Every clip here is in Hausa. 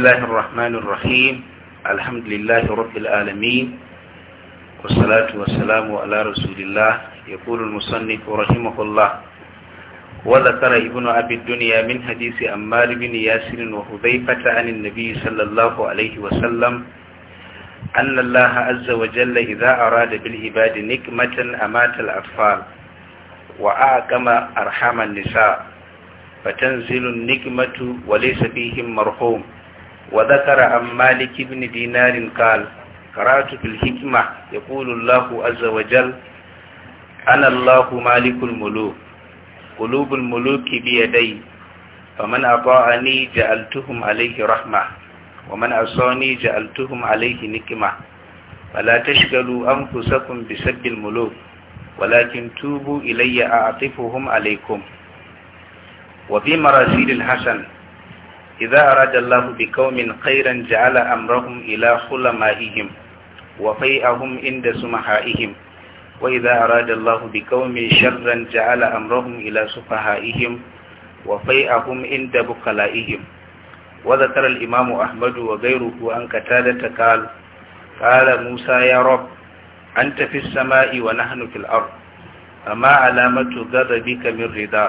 الله الرحمن الرحيم الحمد لله رب العالمين والصلاة والسلام على رسول الله يقول المصنف رحمه الله وذكر ابن أبي الدنيا من حديث أمار بن ياسر وحذيفة عن النبي صلى الله عليه وسلم أن الله عز وجل إذا أراد بالعباد نكمة أمات الأطفال وأعقم أرحام النساء فتنزل النكمة وليس فيهم مرحوم وذكر عن مالك بن دينار قال قرأت في الحكمة يقول الله عز وجل أنا الله مالك الملوك قلوب الملوك بيدي فمن أطاعني جعلتهم عليه رحمة ومن عصاني جعلتهم عليه نكمة فلا تشغلوا أنفسكم بسب الملوك ولكن توبوا إلي أعطفهم عليكم وفي مراسيل الحسن إذا أراد الله بقوم خيرا جعل أمرهم إلى خلمائهم وفيئهم عند سمحائهم وإذا أراد الله بقوم شرا جعل أمرهم إلى سفهائهم وفيئهم عند بخلائهم وذكر الإمام أحمد وغيره أن قتادة قال قال موسى يا رب أنت في السماء ونحن في الأرض فما علامة غضبك من رضا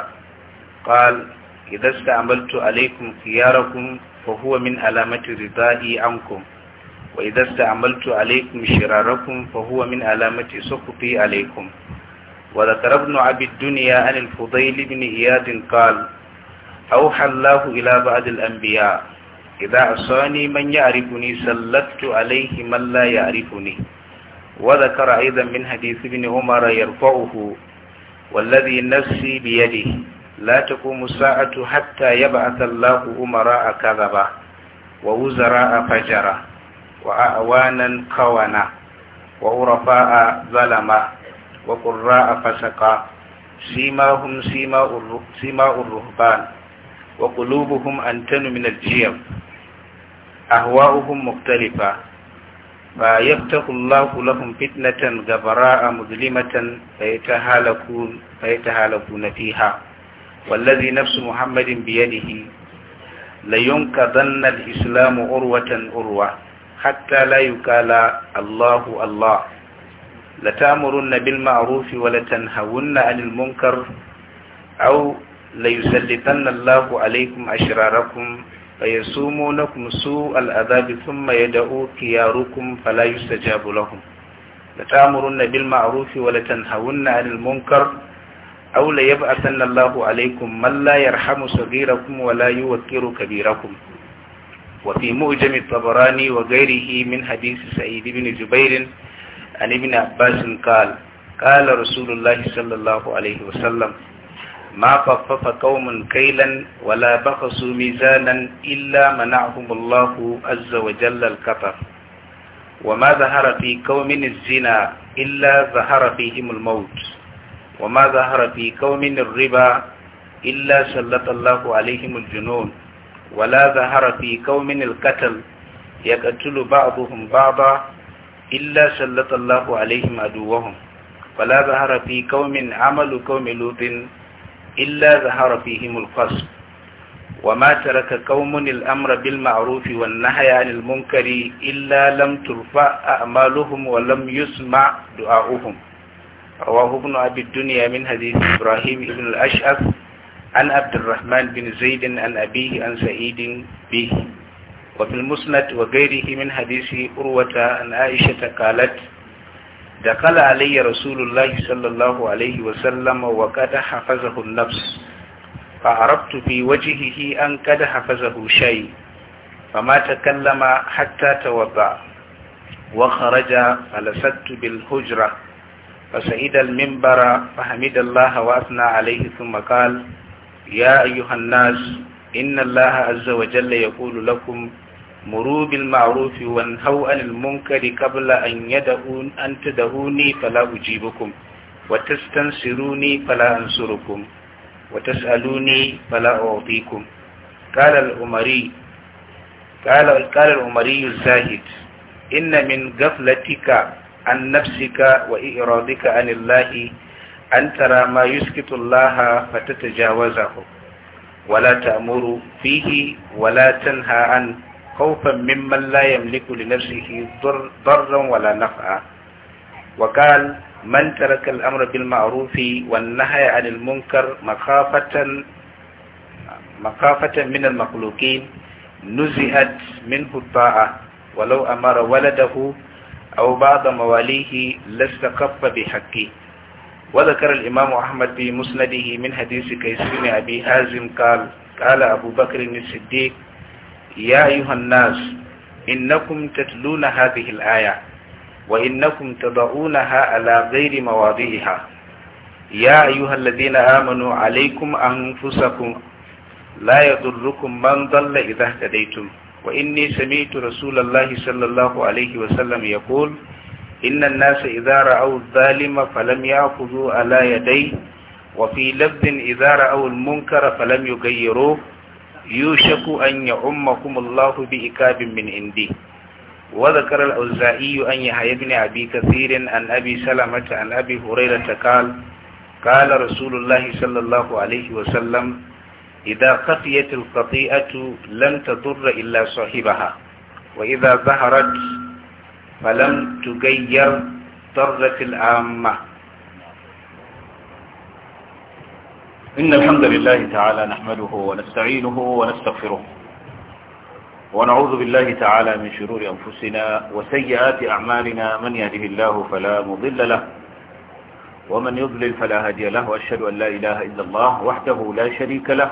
قال إذا استعملت عليكم خياركم فهو من علامة رضائي عنكم وإذا استعملت عليكم شراركم فهو من علامة سخطي عليكم وذكر ابن عبد الدنيا عن الفضيل بن إياد قال أوحى الله إلى بعض الأنبياء إذا عصاني من يعرفني سلطت عليه من لا يعرفني وذكر أيضا من حديث ابن عمر يرفعه والذي نفسي بيده la taqumu sa'atu hatta yab'atha Allahu umara'a kadhaba wa wuzara'a fajara wa a'wanan kawana wa urafa'a zalama wa qurra'a fasaqa simahum sima'ur sima'ur ruhban wa qulubuhum antanu الله لهم فتنة غبراء مظلمة فيتهالكون, فيتهالكون فيها والذي نفس محمد بيده لينقضن الإسلام أروة أروة حتى لا يقال الله الله لتامرن بالمعروف ولتنهون عن المنكر أو ليسلطن الله عليكم أشراركم فيسومونكم سوء العذاب ثم يدعو كياركم فلا يستجاب لهم لتامرن بالمعروف ولتنهون عن المنكر aula ya ba'a sallallahu alaikum man la yarhamu saghirakum wa la yuwakkiru kabirakum wa fi mu'jam at-tabarani wa ghairihi min hadith sa'id ibn jubair an ibn abbas qala qala rasulullah sallallahu alaihi wa sallam ma faffafa qauman kailan wa la baqasu mizanan illa mana'ahum Allah azza wa jalla al-qatar wa fi qaumin zina illa dhahara fihim al-maut وما ظهر في كوم الربا إلا سلط الله عليهم الجنون ولا ظهر في كوم القتل يقتل بعضهم بعضا إلا سلط الله عليهم عدوهم ولا ظهر في كوم عمل كوم لوط إلا ظهر فيهم القصد وما ترك قوم الأمر بالمعروف والنهي عن المنكر إلا لم ترفع أعمالهم ولم يسمع دعاؤهم رواه ابن أبي الدنيا من حديث إبراهيم بن الأشعث عن عبد الرحمن بن زيد عن أبيه عن سعيد به وفي المسند وغيره من حديث أروة عن عائشة قالت دخل علي رسول الله صلى الله عليه وسلم وقد حفظه النفس فعرفت في وجهه أن قد حفظه شيء فما تكلم حتى توضأ وخرج فلست بالهجرة فشهد المنبر فحمد الله وأثنى عليه ثم قال يا أيها الناس إن الله عز وجل يقول لكم مروا بالمعروف وانهوا عن المنكر قبل أن يدعون أن تدعوني فلا أجيبكم وتستنصروني فلا أنصركم وتسألوني فلا أعطيكم قال الأمري قال قال الأمري الزاهد إن من غفلتك عن نفسك وإرادك عن الله أن ترى ما يسكت الله فتتجاوزه ولا تأمر فيه ولا تنهى عنه خوفا ممن لا يملك لنفسه ضر ضرا ولا نفعا وقال من ترك الأمر بالمعروف والنهي عن المنكر مخافة مخافة من المخلوقين نزهت منه الطاعة ولو أمر ولده أو بعض مواليه لستقف بحقه وذكر الإمام أحمد في مسنده من حديث كيس بن أبي حازم قال قال أبو بكر الصديق يا أيها الناس إنكم تتلون هذه الآية وإنكم تضعونها على غير مواضعها يا أيها الذين آمنوا عليكم أنفسكم لا يضركم من ضل إذا اهتديتم وإني سمعت رسول الله صلى الله عليه وسلم يقول إن الناس إذا رأوا الظالم فلم يأخذوا على يديه وفي لفظ إذا رأوا المنكر فلم يغيروه يوشك أن يعمكم الله بإكاب من عندي وذكر الأوزائي أن يحيى بن أبي كثير عن أبي سلمة عن أبي هريرة قال قال رسول الله صلى الله عليه وسلم إذا خفيت الخطيئة لم تضر إلا صاحبها وإذا ظهرت فلم تغير ضرت العامة إن الحمد لله تعالى نحمده ونستعينه ونستغفره ونعوذ بالله تعالى من شرور أنفسنا وسيئات أعمالنا من يهده الله فلا مضل له ومن يضلل فلا هادي له وأشهد أن لا إله إلا الله وحده لا شريك له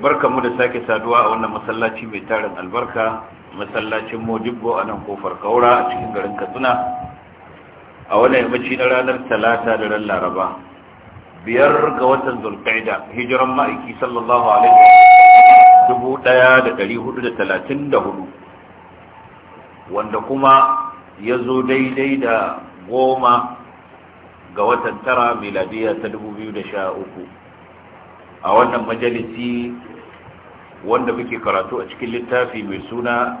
mu da sake saduwa a wannan masallaci mai tarin albarka masallacin mojibbo a nan kofar kaura a cikin garin katsina a wani yammaci na ranar talata da ran laraba biyar ga watan zulqaida hijiran ma'aiki sallallahu alaihi wa dubu daya da dari hudu da talatin da hudu wanda kuma ya zo daidai da goma ga watan tara miladiya ta dubu biyu da sha uku a wannan majalisi wanda muke karatu a cikin littafi mai suna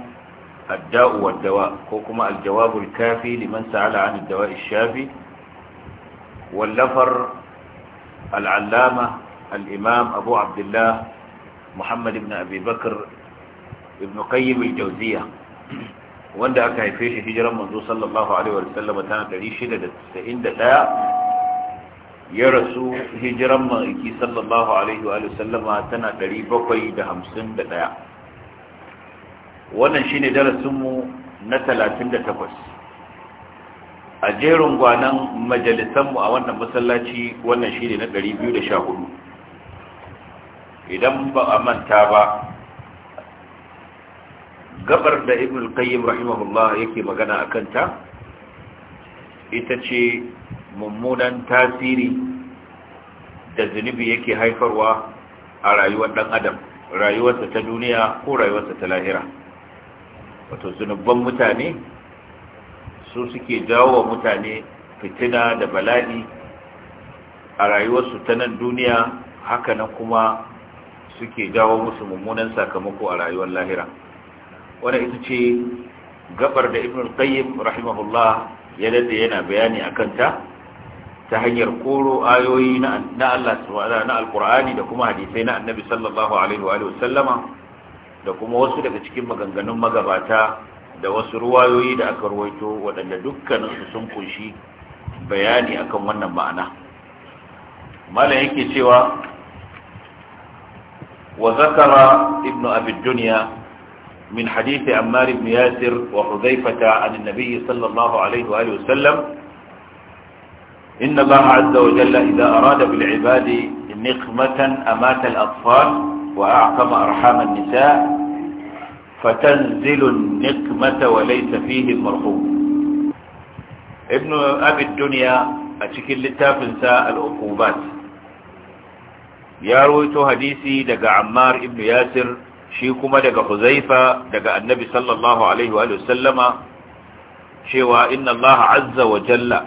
adda'u waddawa ko kuma aljawabul kafi liman sa'ala an addawa shafi wallafar Al-Callaama Al-Imam abu abdullah muhammad ibn abi Bakr, ibn qayyim al-jawziya wanda aka haife shi hijiran manzo sallallahu alaihi wa sallam tana 691 ya rasu hijiran ma'aiki sallallahu alaihi wa sallama tana 751 wannan shine darasinmu na 38 a jerin gwanan majalisanmu a wannan masallaci wannan shine na 214 idan ba a manta ba gabar da ibn al-qayyim rahimahullah yake magana a kanta. ita ce mummunan tasiri da zunubi yake haifarwa a rayuwar dan adam rayuwarsa ta duniya ko rayuwarsa ta lahira wato zunubban mutane su suke jawo wa mutane fitina da bala'i a rayuwarsu ta nan duniya hakanan kuma suke jawo musu mummunan sakamako a rayuwar lahira Wani ita ce gabar da ibn qayyim rahimahullah ya dade yana bayani akan ta ta hanyar koro ayoyi na Allah na alqur'ani da kuma hadisai na annabi sallallahu alaihi wa sallama da kuma wasu daga cikin maganganun magabata da wasu ruwayoyi da aka ruwaito waɗanda dukkanin su sun kunshi bayani akan wannan ma'ana malam yake cewa wa zakara ibnu abi dunya من حديث عمار بن ياسر وحذيفة عن النبي صلى إن الله عز وجل إذا أراد بالعباد نقمة أمات الأطفال وأعقم أرحام النساء فتنزل النقمة وليس فيه المرحوم ابن أبي الدنيا أتكل للتافنساء الأقوبات يارويت هديثي دقى عمار ابن ياسر شيكما دقى خزيفة دقى النبي صلى الله عليه وآله وسلم شوى إن وإن الله عز وجل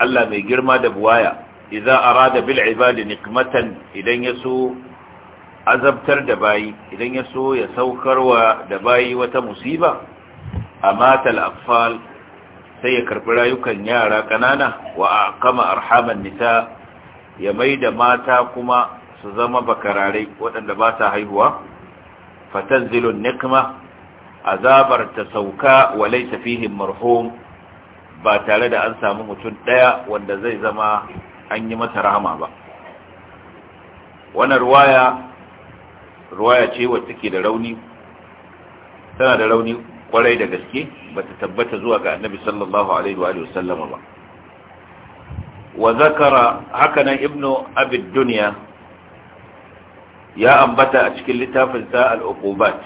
Allah mai girma da buwaya idza arada bil ibadi nikmatan idan yaso azabtar da bayi idan yaso ya saukarwa da bayi wata musiba a matal afal sai ya karbi rayukan yara kanana wa a kama arhaman nisa ya maida mata kuma su zama bakararai waɗanda ba sa haihuwa fatanzilun nikma azabar ta sauka wa laysa fihim marhum ba tare da an samu mutum ɗaya wanda zai zama an yi masa rahama ba wannan ruwaya ruwaya ce wacce ke da rauni tana da rauni kwarai da gaske ba ta tabbata zuwa ga annabi sallallahu alaihi wa sallama ba wa zakara hakanan ibnu abid Duniya ya ambata a cikin littafinsa al-uqubat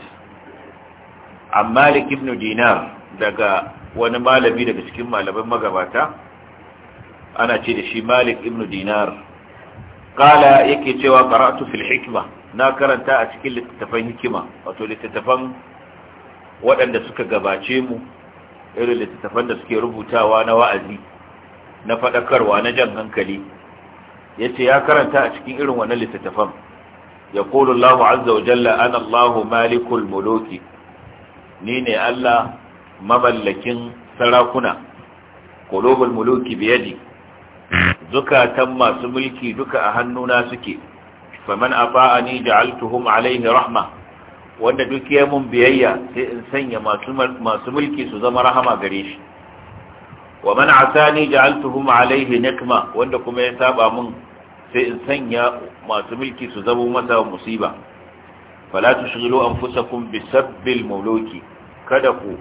amma malik ibn dinar daga wani malami daga cikin malaman magabata ana ce da shi malik ibn dinar kala yake cewa karatu fil hikima na karanta a cikin littattafan hikima wato littattafan waɗanda suka gabace mu irin littattafan da suke rubutawa na wa'azi na faɗakarwa na jan hankali ya ce ya karanta a cikin irin wannan littattafan ya ƙolullahu azza wa jalla malikul muloki ni ne allah Maballakin sarakuna qulubul muluki biyadi zukatan masu mulki duka a hannuna suke faman afa'ani ja'altuhum alaihi rahma wanda duk mun biyayya sai in sanya masu mulki su zama rahama gare shi wa man asani ja'altuhum alaihi nikma wanda kuma ya saba mun sai in sanya masu mulki su zama masa musiba fala tushghilu anfusakum bisabbil muluki kada ku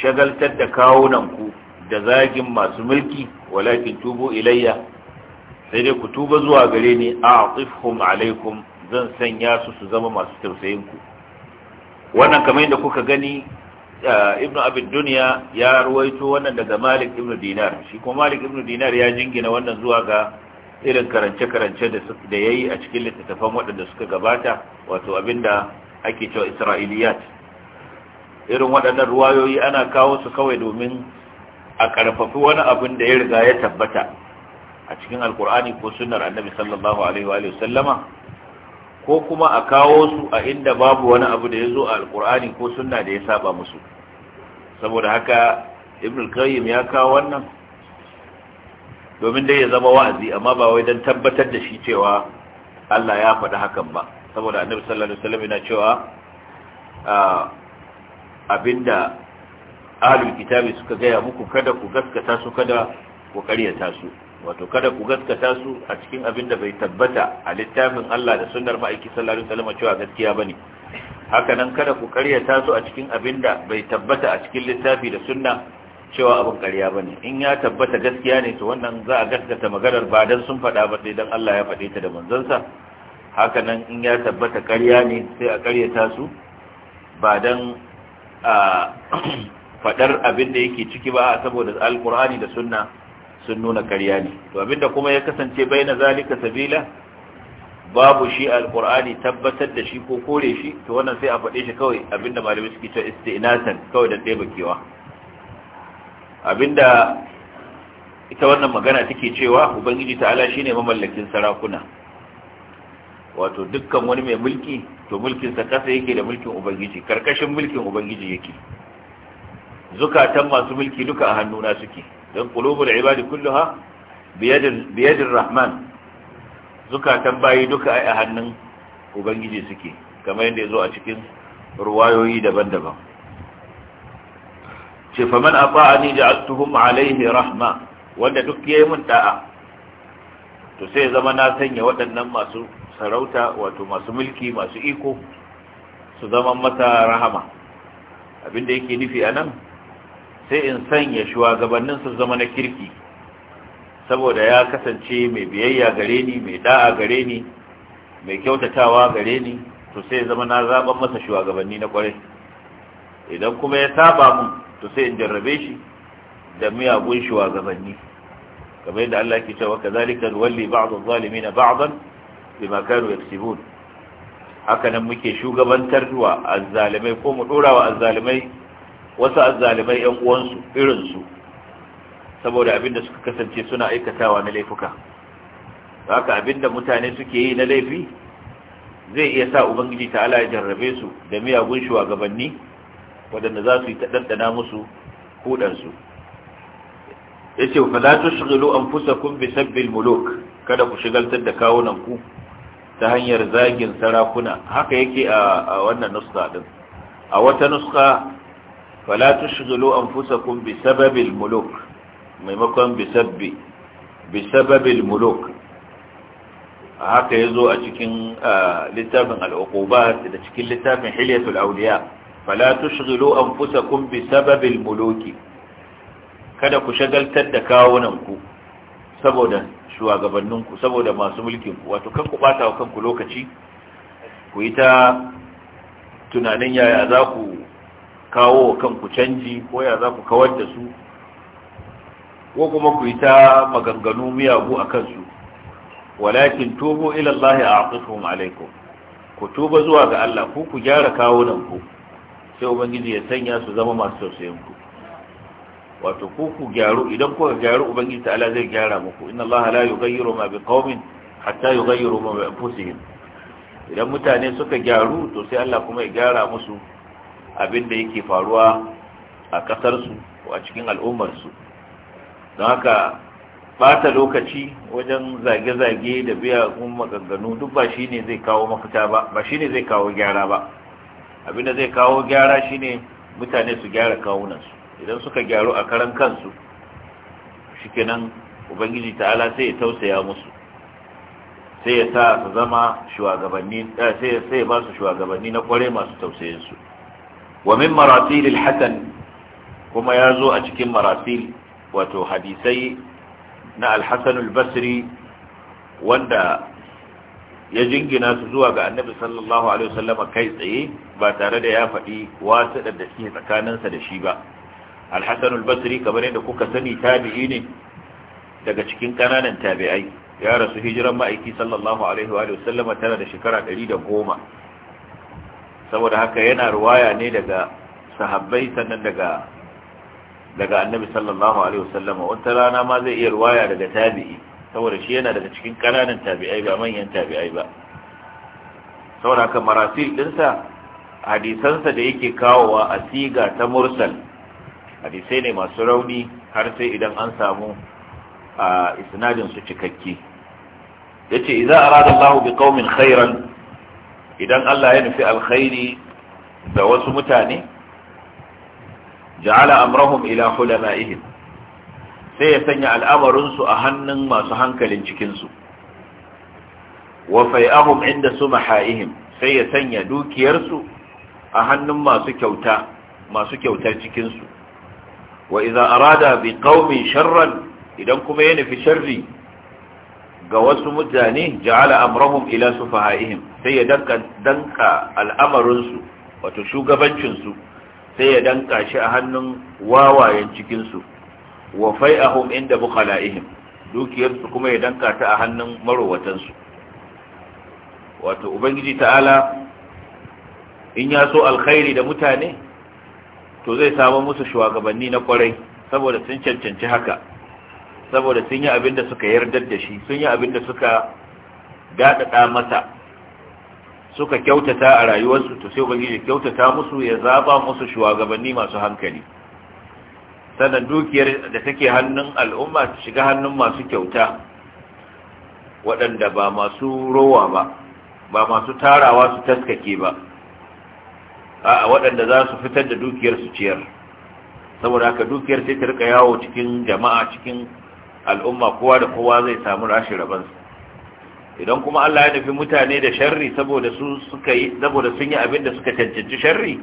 shagaltar da ku da zagin masu mulki walakin tubo ilayya sai dai ku tuba zuwa gare ni a alaikum zan sanya su su zama masu tausayinku wannan kamar yadda kuka gani eh, ibnu abid duniya ya ruwaito wannan daga malik ibnu dinar shi kuma malik ibnu dinar ya jingina wannan zuwa ga irin karance-karance da ya yi a cikin littattafan waɗanda suka gabata wato abinda ake cewa isra'iliyat irin waɗannan ruwayoyi ana kawo su kawai domin a ƙarfafi wani abin da ya riga ya tabbata a cikin alkur'ani ko sunnar annabi sallallahu alaihi wa sallama ko kuma a kawo su a inda babu wani abu da ya zo a alkur'ani ko sunna da ya saba musu saboda haka ibn al ya kawo wannan domin dai ya zama wa'azi amma ba wai dan tabbatar da shi cewa Allah ya faɗi hakan ba saboda annabi sallallahu alaihi wa sallam yana cewa ah, abinda ahlul kitabi suka gaya muku kada ku gaskata su kada ku karyata su wato kada ku gaskata su a cikin abin da bai tabbata a littafin Allah da sunnar ma'aiki sallallahu alaihi wasallam cewa gaskiya bane haka nan kada ku karyata su a cikin abin da bai tabbata a cikin littafi da sunna cewa abin ƙarya bane in ya tabbata gaskiya ne to wannan za a gaskata maganar ba dan sun faɗa ba sai dan Allah ya faɗe ta da manzansa haka nan in ya tabbata ƙarya ne sai a ƙaryata su ba dan A faɗar abin da yake ciki ba saboda alkur'ani da sunna sun nuna karya ne to abinda kuma ya kasance bai zalika sabila babu shi alkur'ani tabbatar da shi ko kore shi to wannan sai a faɗe shi kawai abinda malamai suke cewa isti'nasan kawai da ɗaya Abin abinda ita wannan magana take cewa ubangiji ta'ala shine mamallakin sarakuna wato dukkan wani mai mulki to mulkinsa kasa yake da mulkin ubangiji karkashin mulkin ubangiji yake zukatan masu mulki duka a hannuna suke don qulubul ibadi kulluha biyadin rahman zukatan bayi duka a hannun ubangiji suke kamar yadda yazo a cikin ruwayoyi daban-daban ce faman afa'ani ja'altuhum alaihi rahma wanda duk yayi mun da'a to sai zama na sanya waɗannan masu sarauta wato masu mulki masu iko su zama mata rahama abinda yake nufi a nan sai in sanya shugabannin su zama na kirki saboda ya kasance mai biyayya gare ni mai da'a gare ni mai kyautatawa gare ni to sai zama na zaben masa shugabanni na kwarai idan kuma ya saba mun to sai in jarrabe shi da miyagun shugabanni kamar yadda Allah ke cewa kazalika walli ba'd adh-dhalimin ba'dan bima kanu yaksibun haka nan muke shugabantar zuwa azzalimai ko mu dora wa azzalimai wasu azzalimai yan uwansu irin su saboda abinda suka kasance suna aikatawa na laifuka haka abinda mutane suke yi na laifi zai iya sa ubangiji ta ala ya jarrabe su da miyagun shugabanni waɗanda za su yi ta ɗanɗana musu kudansu ya ce fa la fusa anfusakum bi sabbil muluk kada ku shigaltar da kawunan ku ta hanyar zagin sarakuna haka yake a wannan nuska din a wata nuska fala tushghulu anfusakum bi sababil muluk maimakon bi sabbi bi sababil muluk haka yazo a cikin littafin al-uqubat da cikin littafin hilyatul awliya fala tushghulu anfusakum bi sababil muluki kada ku shagaltar da kawunanku saboda shugabanninku saboda masu mulkin wato kan ku bata wa kanku lokaci ku yi ta tunanin yaya za ku kawo wa kanku canji ko ya za ku kawar da su ko kuma ku yi ta maganganu miyagu a kansu walakin tubu ilallahi a aqifum alaikum ku tuba zuwa ga Allah ku ku gyara kawo nan ku sai ubangiji ya sanya su zama masu tausayin ku wato ku ku gyaru idan kuka gyaru ubangiji ta'ala zai gyara muku inna allaha la yughayyiru ma biqaumin hatta yughayyiru ma bi anfusihim idan mutane suka gyaru to sai Allah kuma ya gyara musu abin da yake faruwa a kasar su ko a cikin al'ummar su don haka bata lokaci wajen zage-zage da biya kun maganganu duk ba shine zai kawo mafita ba ba shine zai kawo gyara ba abinda zai kawo gyara shine mutane su gyara kawunansu idan suka gyaru a karan kansu shikenan ubangiji ta'ala sai ya tausaya musu sai ya sa su zama shugabanni eh, sai sai ba su shugabanni na kware masu tausayin su wa min marasil al-hasan kuma yazo a cikin marasil wato hadisai na al-hasan al-basri wanda ya jingina su zuwa ga annabi sallallahu alaihi wasallam kai tsaye ba tare da ya faɗi wasu da suke tsakaninsa da shi ba al-hasan al-basri kamar yadda kuka sani tabi'i ne daga cikin kananan tabi'ai ya rasu hijiran ma'aiki sallallahu alaihi wa sallam tana da shekara 110 saboda haka yana ruwaya ne daga sahabbai sannan daga daga annabi sallallahu alaihi wa sallama wata rana ma zai iya ruwaya daga tabi'i saboda shi yana daga cikin kananan tabi'ai ba manyan tabi'ai ba saboda haka marasil dinsa hadisansa da yake kawowa a siga ta mursal hadisai ne masu rauni har sai idan an samu a isnadin su cikakke yace za arada Allahu bi qaumin khairan idan Allah ya nufi alkhairi da wasu mutane ja'ala amrahum ila hulama'ihim sai ya sanya al'amarin su a hannun masu hankalin cikin su wa fai'ahum inda sumaha'ihim sai ya sanya dukiyar su a hannun masu kyauta masu kyautar cikin su wa iza arada bi qaumin sharran idan kuma ya nufi sharri ga wasu mutane ja'ala amrahum ila sufahaihim sai ya danka danka al'amarin su wato shugabancin su sai ya danka shi a hannun wawayen cikin su wa fai'ahum inda bukhalaihim dukiyar su kuma ya danka ta a hannun marowatan su wato ubangiji ta'ala in ya so alkhairi da mutane to zai samu musu shugabanni na kwarai saboda sun cancanci haka saboda sun yi abin da suka yardar da shi sun yi abin da suka daɗaɗa masa suka kyautata a rayuwarsu to sai ubangiji kyautata musu ya zaba musu shugabanni masu hankali sannan dukiyar da take hannun al'umma ta shiga hannun masu kyauta waɗanda ba masu rowa ba ba masu tarawa su taskake ba a waɗanda za su fitar da dukiyar su ciyar saboda haka dukiyar sai ta rika yawo cikin jama'a cikin al'umma kowa da kowa zai samu rashin rabansa idan kuma Allah ya nufi mutane da sharri saboda su suka yi saboda sun yi abin da suka cancanci sharri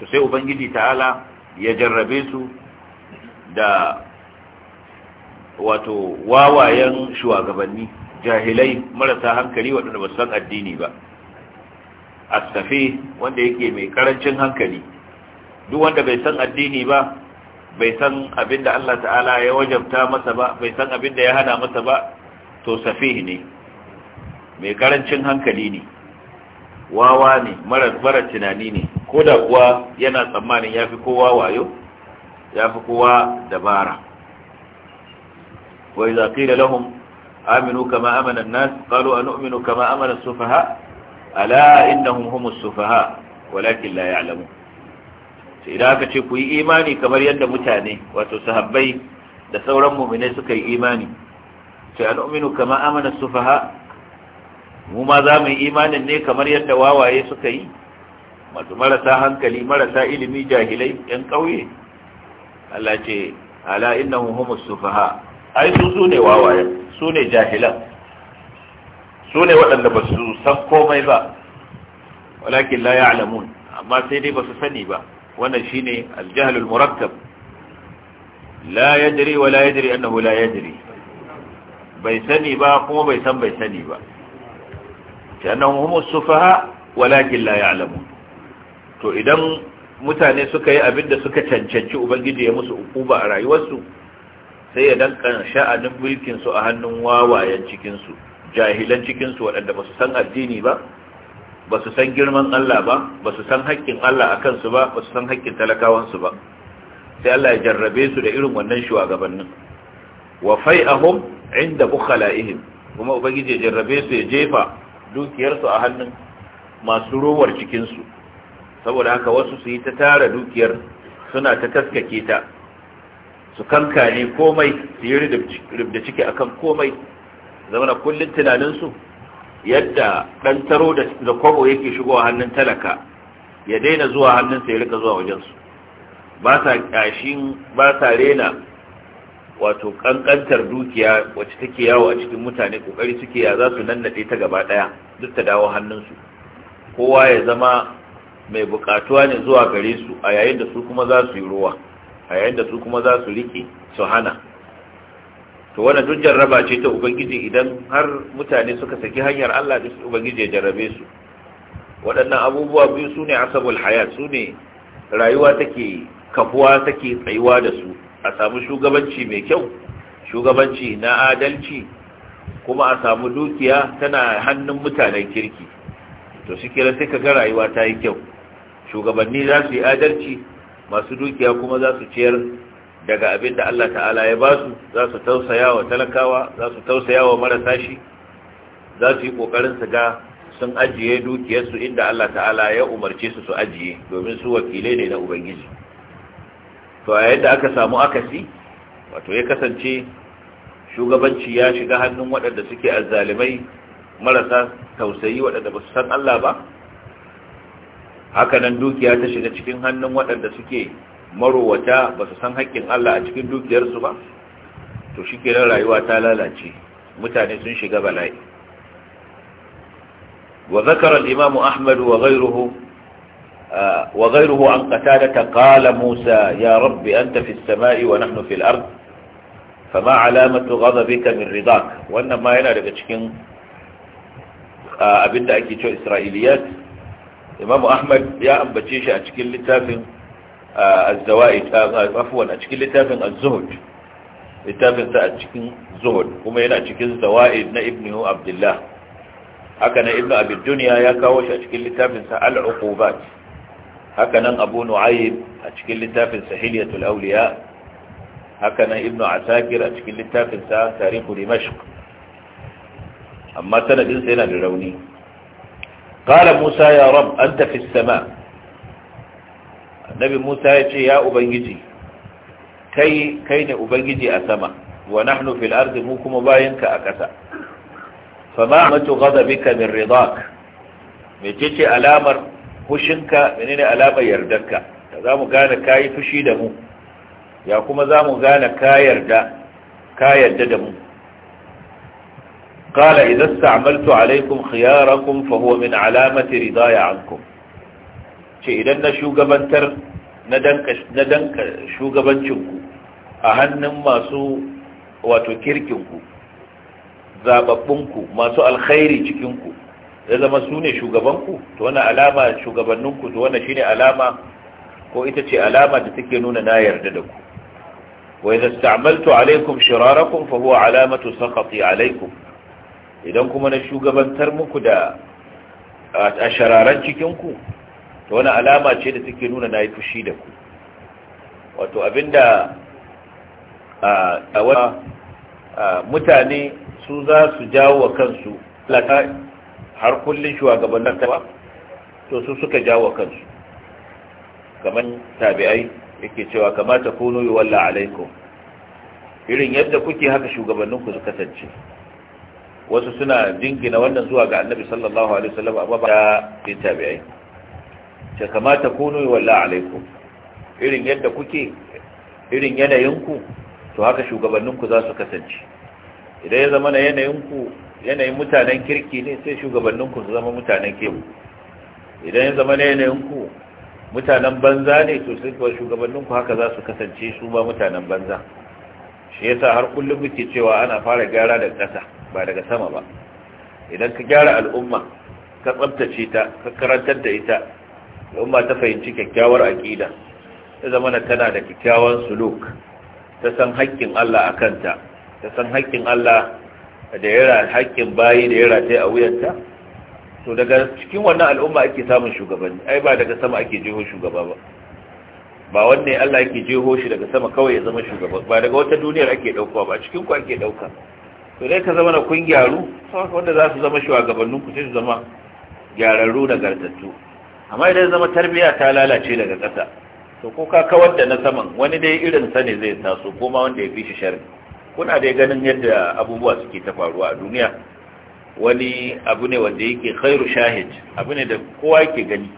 to sai ubangiji ta'ala ya jarrabe su da wato wawayen shugabanni jahilai marasa hankali waɗanda ba su san addini ba asafi wanda yake mai karancin hankali duk wanda bai san addini ba bai san abinda Allah ta'ala ya wajabta masa ba bai san abinda ya hana masa ba to safi ne mai karancin hankali ne wawa ne mara tunani ne ko da kuwa yana tsammanin ya fi kowa wayo ya fi kowa dabara wa zaƙi qila lahum aminu kama amana an-nas qalu anu'minu kama amana as-sufaha ala innahum hum sufaha walakin la ya'lamu sai idan aka ce ku yi imani kamar yadda mutane wato sahabbai da sauran mu'minai suka yi imani sai al'uminu kama amana sufaha mu ma za mu yi imanin ne kamar yadda wawaye suka yi masu marasa hankali marasa ilimi jahilai yan ƙauye Allah ce ala innahum hum sufaha ai su su ne wawayen su ne jahilan su ne waɗanda ba su san komai ba walakin la ya ya'lamun amma sai dai ba su sani ba wannan shi ne jahl al-murakkab la jiri wa la ya yadri annahu la jiri. bai sani ba kuma bai san bai sani ba annahum hum as-sufaha walakin la ya ya'lamun to idan mutane suka yi abin da suka cancanci ubangiji ya musu ukuba a rayuwarsu sai ya danka sha'anin mulkin su a hannun wawayen cikinsu. jahilan cikinsu waɗanda ba su san addini ba ba su san girman Allah ba ba su san haƙƙin Allah a kansu ba ba su san haƙƙin talakawansu ba sai Allah ya jarrabe su da irin wannan shugabannin wa fai'ahum inda bukhala'ihim kuma ubangiji ya jarrabe su ya jefa dukiyarsu a hannun masu rowar cikinsu saboda haka wasu su yi ta tara dukiyar suna ta taskake ta su kankane komai su yi rubda ciki akan komai zama kullum tunaninsu yadda ɗan taro da kwabo yake shigowa hannun talaka ya daina zuwa hannunsa ya rika zuwa wajensu ba sa ƙashin ba sa rena wato ƙanƙantar dukiya wacce take yawo a cikin mutane ƙoƙari suke ya za su nannaɗe ta gaba ɗaya duk ta dawo hannunsu kowa ya zama mai buƙatuwa ne zuwa gare su a yayin da su kuma za su yi ruwa a yayin da su kuma za su riƙe su hana to wannan duk jarraba ce ta ubangiji idan har mutane suka saki hanyar Allah da ubangiji ya jarrabe su waɗannan abubuwa biyu su ne asabul hayat su ne rayuwa take kafuwa take tsayuwa da su a samu shugabanci mai kyau shugabanci na adalci kuma a samu dukiya tana hannun mutanen kirki to shi kira sai kaga rayuwa ta yi kyau shugabanni za su yi adalci masu dukiya kuma za su ciyar daga abin da Allah ta'ala ya basu su za su tausaya wa talakawa za su tausaya wa marasa shi za su yi ƙoƙarin su ga sun ajiye dukiyarsu inda Allah ta'ala ya umarce su su ajiye domin su wakilai ne na Ubangiji. To a yadda aka samu akasi, wato ya kasance shugabanci ya shiga hannun waɗanda suke azzalimai marasa tausayi waɗanda ba su san Allah ba, haka nan dukiya ta shiga cikin hannun waɗanda suke marowata ba su san haƙƙin Allah a cikin dukiyarsu ba to shi kenan rayuwa ta lalace mutane sun shiga bala'i wa zakara al-imamu ahmad wa ghayruhu uh, wa ghayruhu an qatada qala musa ya rabbi anta fi as-sama'i wa nahnu fi al-ard fama alamatu ghadabika min ridak wannan ma yana daga cikin uh, abinda ake cewa isra'iliyat imamu ahmad ya ambace shi a cikin littafin az a cikin littafin az-zuhd littafin sa a cikin zuhud kuma yana cikin zawaid na ibnu abdullah haka nan ibnu abi dunya ya kawo shi a cikin littafin sa al-uqubat haka nan abu nu'aym a cikin littafin sa hilyatul awliya haka nan ibnu asakir a cikin littafin sa tarihu dimashq amma sanadin sa yana da rauni قال موسى يا رب أنت في السماء nabi musa ya ce ya ubangiji kai kai ne ubangiji a sama wa nahnu fil ardi mu kuma bayanka a ƙasa fa ma matu ghadabika min ridak mecece alamar fushinka menene alamar yardarka za mu gane kayi fushi da mu ya kuma za mu gane ka yarda ka yarda da mu قال إذا استعملت عليكم خياركم فهو من علامة رضايا عنكم ce idan na shugabantar na danka shugabancinku a hannun masu wato kirkinku zababbinku masu alkhairi cikinku ya zama su ne shugabanku to wani alama shugabanninku to wani shine alama ko ita ce alama da take nuna na yarda da ku wa 'Alaikum sta'maltu alaykum shirarakum fa huwa alamatu saqati 'Alaikum'. idan kuma na shugabantar muku da a shararan cikinku to wani alama ce da take nuna na yi fushi da ku wato abinda a wani mutane su za su jawo wa kansu lata har kullum wa gaban ba to su suka jawo wa kansu kamar tabi'ai yake cewa kamata kunu yi walla alaikum irin yadda kuke haka shugabanninku su kasance wasu suna jingina wannan zuwa ga annabi sallallahu alaihi wasallam amma ba ta tabi'ai ce kamata kunu walla alaikum irin yadda kuke irin yanayinku to haka shugabanninku za su kasance idan ya zama na yanayinku yanayin mutanen kirki ne sai shugabanninku su zama mutanen kirki idan ya zama na yanayinku mutanen banza ne to sai kuwa shugabanninku haka za su kasance su ba mutanen banza shi yasa har kullum muke cewa ana fara gyara daga ƙasa ba daga sama ba idan ka gyara al'umma ka tsabtace ta ka karantar da ita al'umma ta fahimci kyakkyawar aƙida ta zama na tana da kyakkyawan suluk ta san haƙƙin Allah a kanta ta san haƙƙin Allah da yara haƙƙin bayi da yara ta a wuyanta to daga cikin wannan al'umma ake samun shugabanni ai ba daga sama ake jeho shugaba ba ba wanne Allah yake jeho shi daga sama kawai ya zama shugaba ba daga wata duniyar ake ɗauka ba cikin ku ake ɗauka to dai ka zama na kun gyaru wanda za su zama ku sai su zama gyararru nagartattu amma idan zama tarbiya ta lalace daga ƙasa to ko ka kawar da na saman wani dai irin sa ne zai taso ko ma wanda ya fi shi sharri kuna dai ganin yadda abubuwa suke ta faruwa a duniya wani abu ne wanda yake khairu shahid abu ne da kowa yake gani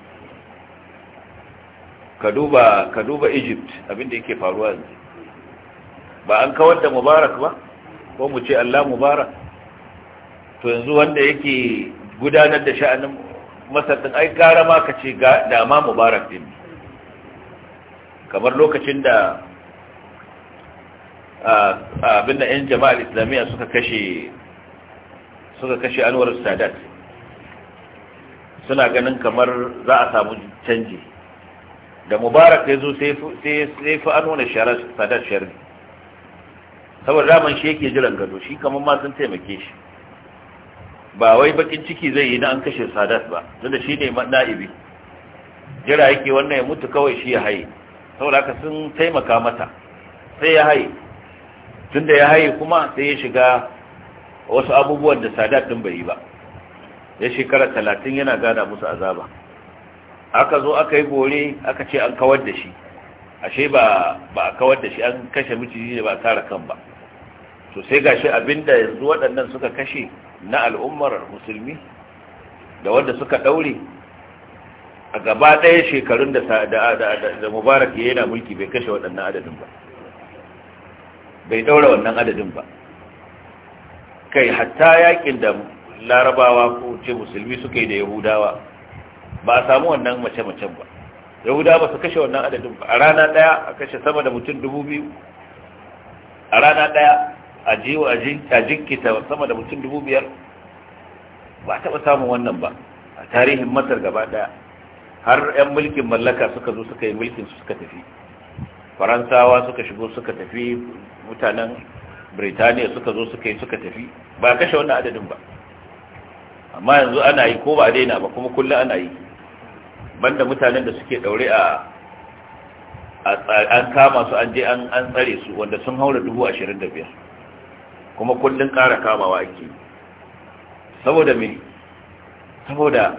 ka duba ka duba Egypt abin da yake faruwa yanzu ba an kawar da Mubarak ba ko mu ce Allah Mubarak to yanzu wanda yake gudanar da sha'anin masar ɗin ai gara ma ka ce ga dama mubarak din kamar lokacin da abin da 'yan jama'ar islamiyya suka kashe suka kashe anwar sadat suna ganin kamar za a samu canji da mubarak ya zo sai fi an wani sadat shari saboda ramin shi yake jiran gado shi kamar ma sun taimake shi ba wai bakin ciki zai yi na an kashe sadat ba tunda shi ne na'ibi jira yake wannan ya mutu kawai shi ya haye saboda haka sun taimaka mata sai ya haye tunda ya haye kuma sai ya shiga wasu abubuwan da sadat din bai yi ba ya shekara talatin yana gada musu azaba aka zo aka yi gore, aka ce an kawar da shi ashe ba a kawar da shi an kashe miciji ne ba a tara kan ba to sai gashi abinda yanzu waɗannan suka kashe na al'ummar musulmi da wanda suka daure a gaba ɗaya shekarun da da mubarak ya yana mulki bai kashe waɗannan adadin ba bai daura wannan adadin ba kai hatta yakin da larabawa ko ce musulmi suka yi da yahudawa ba a samu wannan mace-macen ba yahudawa ba su kashe wannan adadin ba a rana ɗaya a kashe sama da mutum dubu biyu a rana ɗaya a jiwa a jinkita sama da mutum dubu biyar ba taɓa samun wannan ba a tarihin masar gaba ɗaya har 'yan mulkin mallaka suka zo suka yi mulkin su suka tafi faransawa suka shigo suka tafi mutanen birtaniya suka zo suka yi suka tafi ba kashe wannan adadin ba amma yanzu ana yi ko ba daina ba kuma kullum ana yi banda mutanen da suke daure a an kama su an je an tsare su wanda sun haura dubu ashirin da biyar kuma kullum ƙara kamawa ake saboda me saboda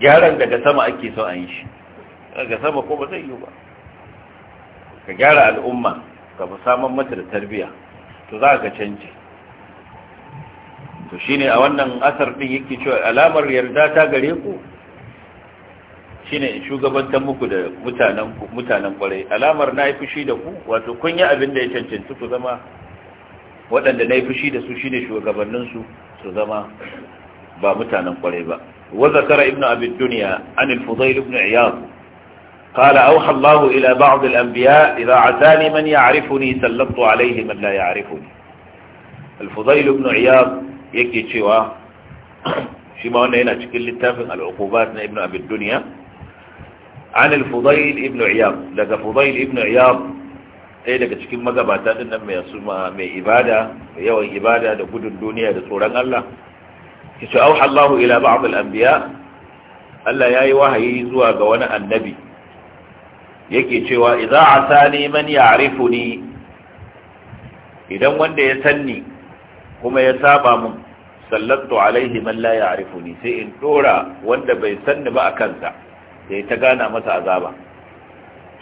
gyaran daga sama ake so an yi shi daga sama ko ba zai yi ba ka gyara al'umma ka fi saman mata da tarbiya to za ka canji to ne a wannan asar ɗin yake cewa alamar yarda ta gare ku shine shugabantar muku da mutanen mutanen kwarai alamar na yi fushi da ku wato kun yi abin da ya cancanci ku zama waɗanda na yi fushi da su shi ne shugabanninsu ba mutanen kwarai ba wanda kara ibn abin duniya an ilfuzail ibn iyar kala au hallahu ila ba'ad al'ambiya ila a zani man ya arifu ni sallabtu alaihi man la ya arifu ni alfuzail ibn iyar yake cewa shi ma wanda yana cikin littafin al'ukubat na ibn abin duniya an ilfuzail ibn iyar daga fuzail ibn iyar ɗaya daga cikin magabata ɗin nan mai ibada mai yawan ibada da gudun duniya da tsoron Allah kici auha Allahu ila ba'd al-anbiya Allah yayi wahayi zuwa ga wani annabi yake cewa idza asani man ya'rifuni idan wanda ya sanni kuma ya saba mun sallatu alaihi man la ya'rifuni sai in dora wanda bai sanni ba a kansa sai ta gana masa azaba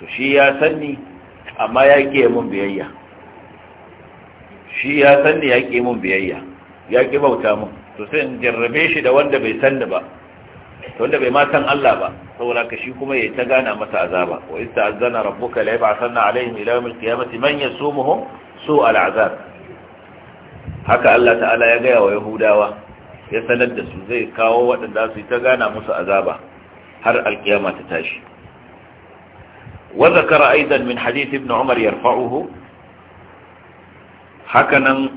to shi ya sanni amma ya ƙi mun biyayya shi ya san ni ya ƙi mun biyayya ya ƙi bauta mun to sai in jarrabe shi da wanda bai san ni ba wanda bai ma Allah ba saboda ka shi kuma yayi ta gana masa azaba wa idza azana rabbuka la yab'athanna alaihim ila yawmil qiyamati man yasumuhum su'al azab haka Allah ta'ala ya gaya wa yahudawa ya sanar da su zai kawo waɗanda su ta gana musu azaba har alkiyama ta tashi وذكر أيضا من حديث ابن عمر يرفعه هكذا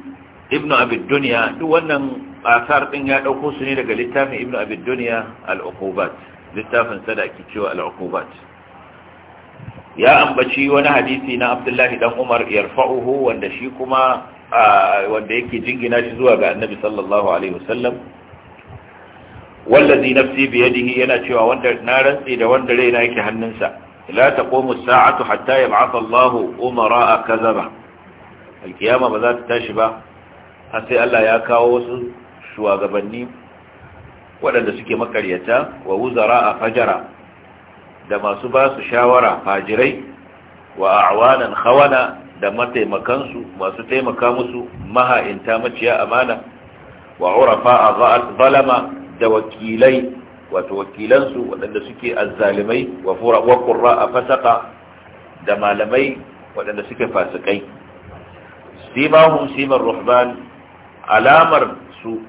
ابن أبي الدنيا وأن آثار إنها أخوصني لك لتافن ابن أبي الدنيا العقوبات لتافن سدأك تشوى العقوبات يا أنبتشي وانا حديثنا عبد الله بن عمر يرفعه وأن شيكما wanda yake jingina shi zuwa ga annabi sallallahu alaihi wasallam wallazi nafsi biyadihi yana cewa wanda na rantsi da wanda raina yake hannunsa la taqumu as-sa'atu hatta yab'atha Allahu umara'a kadhaba alkiyama ba za ta tashi ba har sai Allah ya kawo wasu shugabanni waɗanda suke makaryata wa wuzara a fajara da masu basu su shawara fajirai wa a'wanan khawana da mataimakansu masu taimaka musu maha'inta maciya amana wa urafa a zalama da wakilai wato wakilansu waɗanda suke azzalimai wa qurra a fasaka da malamai waɗanda suke fasikai simahum simar rahman alamar su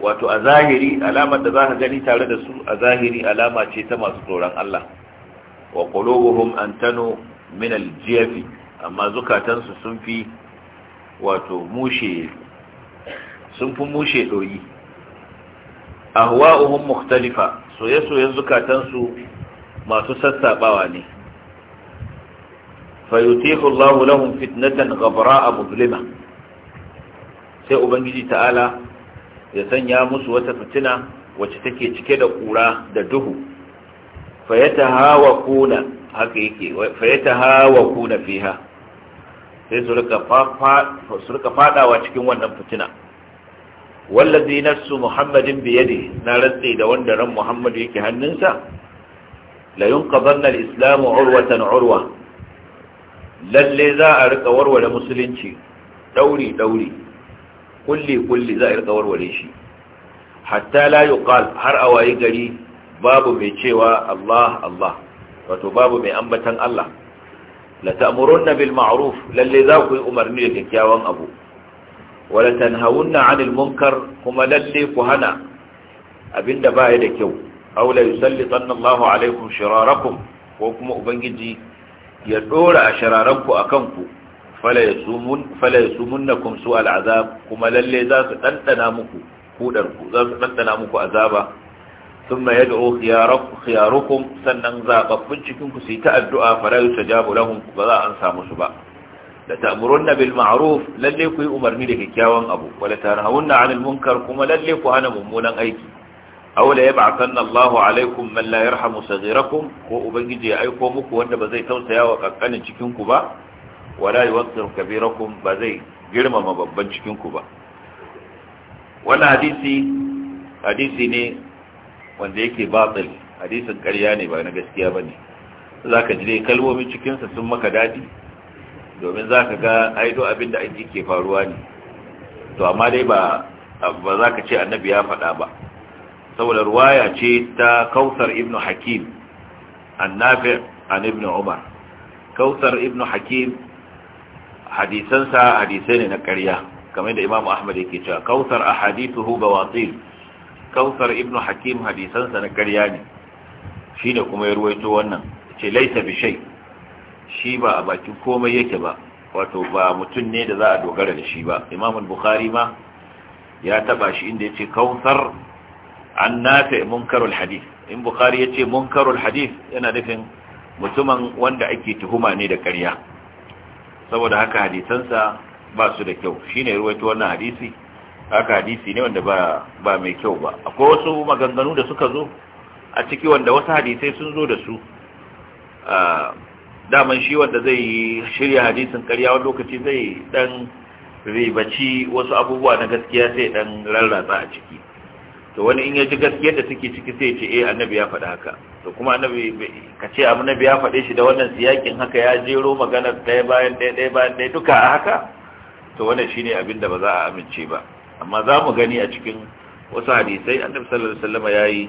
wato a zahiri alamar da za ka gani tare da su a zahiri alama ce ta masu tsoron Allah wa qulubuhum antanu min aljiyafi amma zukatansu sun fi wato mushe sun fi mushe ɗoyi ahwa'uhum mukhtalifa soye-soyen zukatansu masu sassabawa ne fayutihu Allah lahum fitnatan ghabra'a muzlima sai ubangiji ta'ala ya sanya musu wata fitina wacce take cike da kura da duhu fayatahawakuna haka yake fayatahawakuna fiha sai su rika fadawa cikin wannan fitina wallazi nafsu muhammadin biyadi na rantse da wanda ran muhammadu yake hannunsa la yunqadanna al-islamu urwatan urwa lalle za a rika warware musulunci dauri dauri kulli kulli za a rika warware shi hatta la yuqal har awayi gari babu mai cewa Allah Allah wato babu mai ambatan Allah la ta'muruna bil ma'ruf lalle za ku yi umarni da kyakkyawan abu wala tanhawunna 'anil munkar kuma lalle ku hana abinda baya da kyau aw la yusallitanna Allahu 'alaykum shirarakum ko kuma ubangiji ya dora a shiraranku akan ku fala yasumun fala yasumunnakum su'al azab kuma lalle za su dandana muku kudar ku za su dandana muku azaba ثم يدعو خياركم sannan zababbun cikin ku su ta addu'a fara yusajabu lahum ba za an samu su ba la ta'murunna bil ma'ruf lalle ku yi umarni da kyakkyawan abu wala tanhawunna 'anil munkar kuma lalle ku hana mummunan aiki aw la yab'athanna Allahu 'alaykum man la yarhamu saghirakum ko ubangiji ya aiko muku wanda ba zai tausaya wa kankanin cikin ku ba wala yuwaqqiru kabirakum ba zai girmama babban cikin ku ba wannan hadisi hadisi ne wanda yake batil hadisin ƙarya ne ba na gaskiya bane zaka ji dai kalmomin cikin sa sun maka dadi domin za ka ga aido abin da aiki ke faruwa ne to amma dai ba ba za ka ce annabi ya faɗa ba saboda ruwaya ce ta kautar Ibn hakim annafi an Ibn umar kautar Ibn hakim hadisansa hadisai ne na ƙarya kamar da Imam ahmad yake cewa kautar a ga watsi. kautar ibnu hakim hadisansa na ƙarya ne ne kuma ya ruwaito wannan ce laisa bi shai. shi ba a bakin komai yake ba wato ba mutum ne da za a dogara da shi ba imamul bukhari ma ya taba shi inda yace Kausar. an nafi munkarul hadith in bukhari yace munkarul hadith yana nufin mutumin wanda ake tuhuma ne da ƙarya saboda haka hadisansa ba su da kyau shine ruwaito wannan hadisi haka hadisi ne wanda ba ba mai kyau ba akwai wasu maganganu da suka zo a ciki wanda wasu hadisai sun zo da su ah, daman shi wanda zai yi shirya hadisin karya wani lokaci zai dan ribaci wasu abubuwa na gaskiya sai dan rarratsa a ciki to wani in ya ji gaskiyar da take ciki sai ce eh annabi ya faɗa haka to kuma annabi ka ce annabi ya faɗe shi da wannan siyakin haka ya jero maganar ɗaya bayan ɗaya ɗaya bayan ɗaya duka a haka to wannan shine abin da ba za a amince ba amma za mu gani a cikin wasu hadisai annabi sallallahu alaihi wasallam yayi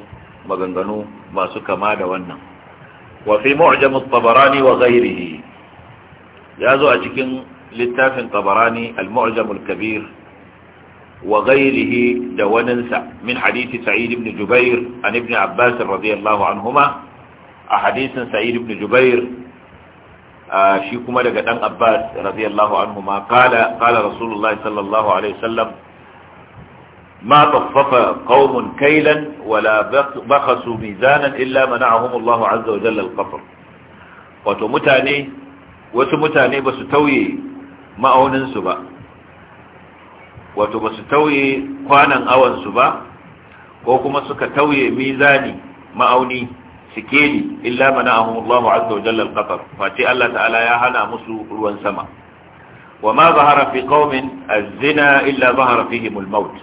maganganu masu kama da wannan wa fi mu'jam tabarani wa ghayrihi ya zo a cikin littafin tabarani al-mu'jam kabir wa ghayrihi da waninsa min hadithi sa'id ibn jubair an ibn abbas radiyallahu anhuma a hadisin sa'id ibn jubair shi kuma daga dan abbas radiyallahu anhuma qala kala rasulullahi sallallahu alaihi wasallam ما ضفف قوم كيلا ولا بخسوا ميزانا إلا منعهم الله عز وجل القفر wato wasu mutane ba su tauye ma'auninsu ba su ba ko kuma suka tauye mizani ma'auni sikeli illa mana ahunullahu azza wa jalla alqatar fati Allah ta'ala ya hana musu ruwan sama wa ma zahara fi qaumin illa zahara fihim al-maut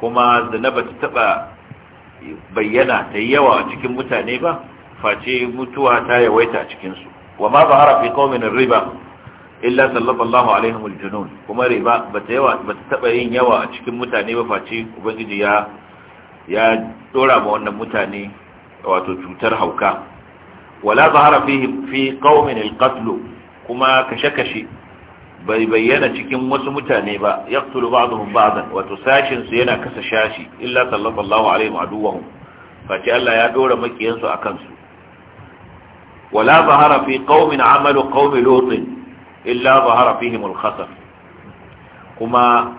kuma da na ta taɓa bayyana ta yi yawa a cikin mutane ba face mutuwa ta yawaita a cikinsu wa ma zahara fi qaumin riba illa sallallahu alaihim aljunun kuma riba ba ta yawa taɓa yin yawa a cikin mutane ba face ubangiji ya ya dora ma wannan mutane wato cutar hauka wala zahara fi fi qaumin alqatl kuma kashe-kashe bai bayyana cikin wasu mutane ba ba yaqtulu ba'dhum zan. wato sashin su yana kasa shashi illa sallallahu alaihi wa aduwahum fati Allah ya dora makiyansu a kansu. wala zahara fi qaumin amalu qaumi lut illa zahara fihim al-khasaf kuma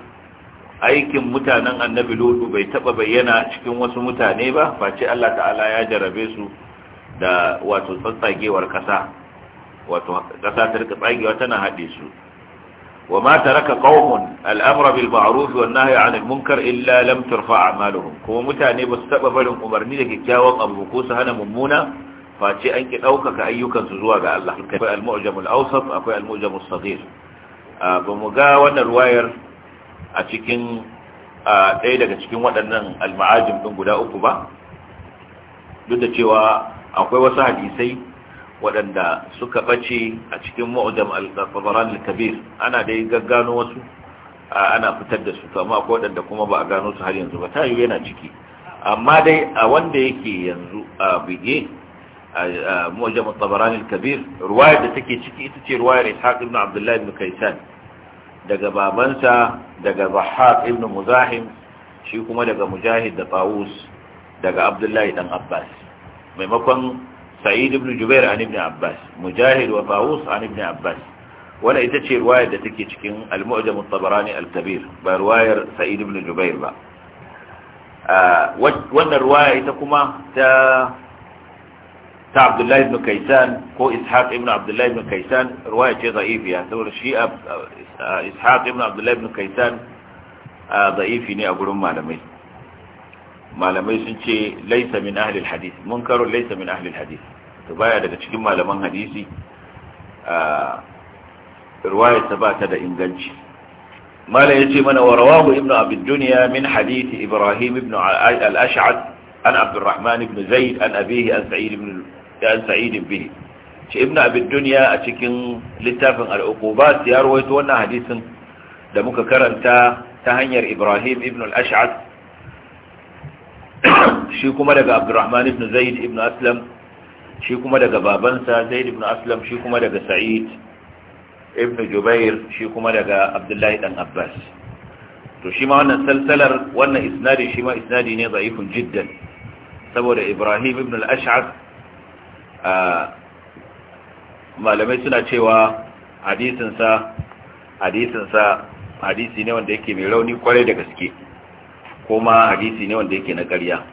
aikin mutanen annabi lutu bai taba bayyana cikin wasu mutane ba face Allah ta'ala ya jarabe su da wato tsatsagewar kasa wato kasa ta rika tsagewa tana haɗe su وما ترك قوم الامر بالمعروف والنهي عن المنكر الا لم ترفع اعمالهم kuma mutane ba su taba barin umarni da kikkiawan abu ko su hana mummuna face an ki ɗaukaka ayyukansu zuwa ga Allah akwai al-mu'jam al akwai al-mu'jam al-saghir ga wannan wayar a cikin ɗaya daga cikin waɗannan al-ma'ajim din guda uku ba duk da cewa akwai wasu hadisai waɗanda suka ɓace a cikin ma'udam al-tabaran kabir ana dai gaggano wasu ana fitar da su amma akwai waɗanda kuma ba a gano su har yanzu ba tayi yana ciki amma dai a wanda yake yanzu a bige a mu'jam al kabir ruwayar da take ciki ita ce ruwayar Ishaq ibn Abdullah ibn Kaysan daga babansa daga baha ibn Muzahim shi kuma daga Mujahid da Tawus daga Abdullahi dan Abbas maimakon sa'id ibn jubair an ibn abbas mujahid wa tawus an ibn abbas wannan ita ce ruwayar da take cikin al-mu'jam al-kabir ba ruwayar sa'id ibn jubair ba wannan ruwaya ita kuma ta ta Abdullahi ibn Kaisan ko Ishaq ibn Abdullahi ibn Kaisan ruwaya ce da'ifiya saboda shi Ishaq ibn Abdullahi ibn Kaisan da'ifi ne a gurin malamai malamai sun ce laisa min ahlil hadith munkarun laisa min ahlil hadith to baya daga cikin malaman hadisi a riwayar ta ba ta da inganci mala yace mana wa rawahu ibnu abi dunya min hadith ibrahim ibn al-ash'ath an abdurrahman ibn zaid an abihi an sa'id ibn an sa'id bihi ce ibnu abi dunya a cikin littafin al-uqubat ya rawaito wannan hadisin da muka karanta ta hanyar ibrahim ibn al-ash'ath shi kuma daga abdurrahman ibn zaid ibn aslam shi kuma daga babansa zaid ibn aslam shi kuma daga sa'id ibn jubair shi kuma daga abdullahi dan abbas to shi ma wannan salsalar wannan isnadi shi ma isnadi ne da'ifun jiddan saboda ibrahim ibn al-ash'ab malamai suna cewa hadisin hadisinsa hadisi ne wanda yake mai rauni kwarai da gaske kuma hadisi ne wanda yake na ƙarya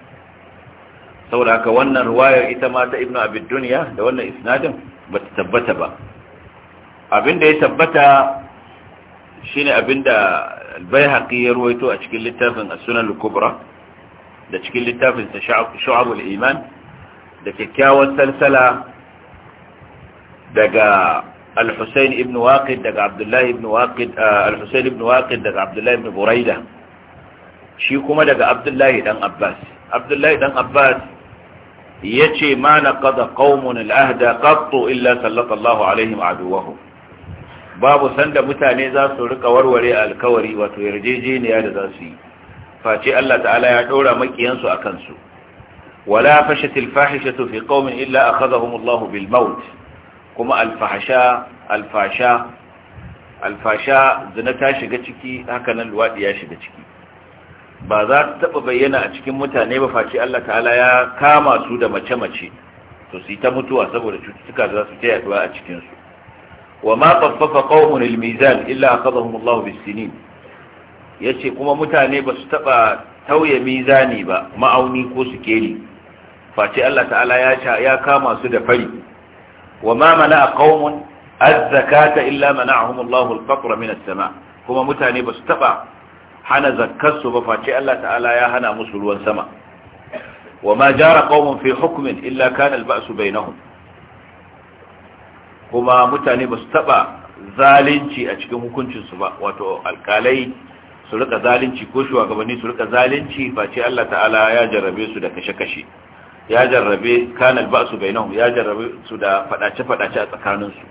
saboda haka wannan ruwayar ita ma ta ibnu abid duniya da wannan isnadin ba ta tabbata ba abinda ya tabbata shi ne abinda al-baihaqi ya ruwaito a cikin littafin as-sunan al da cikin littafin sa shu'abul iman da kyakkyawar salsala daga al-husayn ibn waqid daga abdullahi ibn waqid uh, al-husayn ibn waqid daga abdullahi ibn buraida shi kuma daga abdullahi dan abbas abdullahi dan abbas ya ce ma na kada ƙaunin al'ahda ƙaƙo illa sallatallahu alaihim aduwahu babu sanda mutane za su rika warware alkawari wato yarjejeniya da za su yi face Allah ta'ala ya ɗora makiyansu a kansu wala fashatil fahishatu fi qaumin illa kaza humullahu maut kuma alfahasha alfasha alfasha zina ta shiga ciki haka nan ya shiga ciki ba za ta taba bayyana a cikin mutane ba Faci Allah ta'ala ya kama su da mace-mace to su ta mutuwa saboda cututtuka za su ta yaduwa a cikinsu. wa ma qaffafa qaumun ilmizan illa illa aqadahum Allah bis Ya ce kuma mutane ba su taba tauye mizani ba ma'auni ko sikeli Faci Allah ta'ala ya kama su da fari wa ma mana a az-zakata illa mana a al-faqr min as kuma mutane ba su taba hana zakkarsu ba face Allah ta'ala ya hana musu ruwan sama wa ma jara qaumun fi hukmin illa kana al-ba'su bainahum kuma mutane ba su taba zalunci a cikin hukuncinsu ba wato alkalai su rika zalunci ko shugabanni su rika zalunci face Allah ta'ala ya jarrabe su da kashe-kashe ya jarrabe kanal ba'su bainahum ya jarrabe su da fadace-fadace a tsakaninsu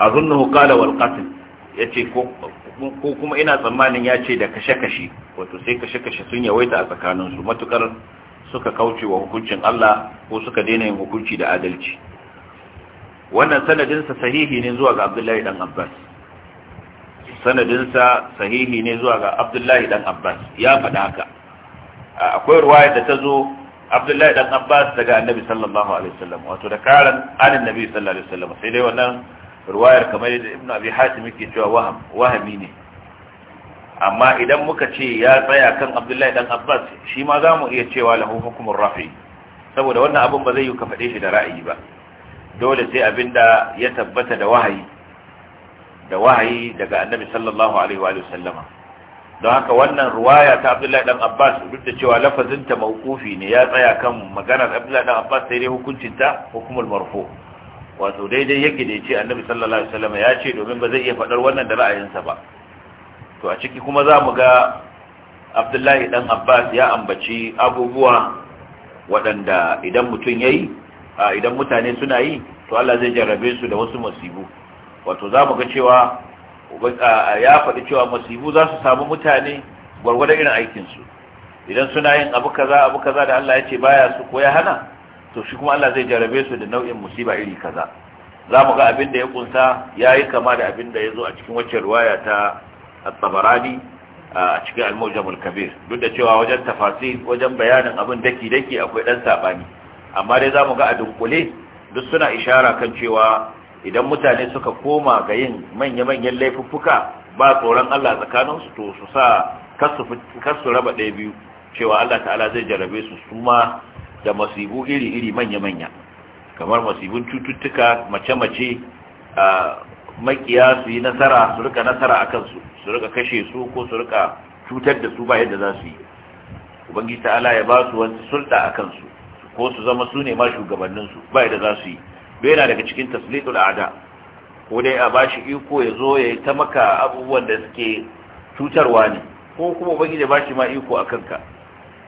azunnahu qala wal qatl yace ko ko kuma ina tsammanin ya ce da kashe-kashe wato sai kashe-kashe sun yawaita a tsakaninsu matukar suka kauce wa hukuncin Allah ko suka daina yin hukunci da adalci wannan sanadinsa sahihi ne zuwa ga Abdullahi dan Abbas sanadinsa sahihi ne zuwa ga Abdullahi dan Abbas ya faɗa haka akwai ruwaya da ta zo Abdullahi dan Abbas daga Annabi sallallahu alaihi wasallam wato da karan annabi sallallahu alaihi wasallam sai dai wannan ruwayar kamar yadda ibn abi hatim yake cewa waham wahami ne amma idan muka ce ya tsaya kan abdullahi dan abbas shi ma za mu iya cewa lahu hukumur rafi saboda wannan abin ba zai yi ka faɗe shi da ra'ayi ba dole sai abinda ya tabbata da wahayi da wahayi daga annabi sallallahu alaihi wa sallama don haka wannan ruwaya ta abdullahi dan abbas duk da cewa lafazinta mawqufi ne ya tsaya kan maganar abdullahi dan abbas sai dai hukuncinta hukumul marfu' wato daidai yake da yace annabi sallallahu alaihi wasallam ya ce domin ba zai iya faɗar wannan da ra'ayinsa ba to a ciki kuma za mu ga abdullahi dan abbas ya ambaci abubuwa waɗanda idan mutum yayi idan mutane suna yi to Allah zai jarrabe su da wasu masibu wato za mu ga cewa ya faɗi cewa masibu za su samu mutane gwargwadon irin aikinsu idan suna yin abu kaza abu kaza da Allah ya ce baya su ko ya hana to shi kuma Allah zai jarabe su da nau'in musiba iri kaza za mu ga abin da ya kunsa ya yi kama da abin da ya zo a cikin wacce ruwaya ta tabarani a cikin almujamul kabir duk da cewa wajen tafasi, wajen bayanin abin daki-daki akwai ɗan saɓani amma dai za mu ga a dunkule duk suna ishara kan cewa idan mutane suka koma ga yin manya-manyan laifuffuka ba tsoron Allah tsakanin su to su sa kasu raba ɗaya biyu cewa Allah ta'ala zai jarabe su su da masibu iri-iri manya-manya kamar masibun cututtuka mace-mace a makiya su yi nasara su rika nasara a kansu su rika kashe su ko su rika cutar da su ba yadda za su yi ubangiji ta'ala ya ba su wani sulta a kansu ko su zama su ne ma shugabanninsu ba yadda za su yi bai yana daga cikin taslitul ada ko dai a bashi iko ya zo ya yi ta maka abubuwan da suke cutarwa ne ko kuma ubangiji ya bashi ma iko a kanka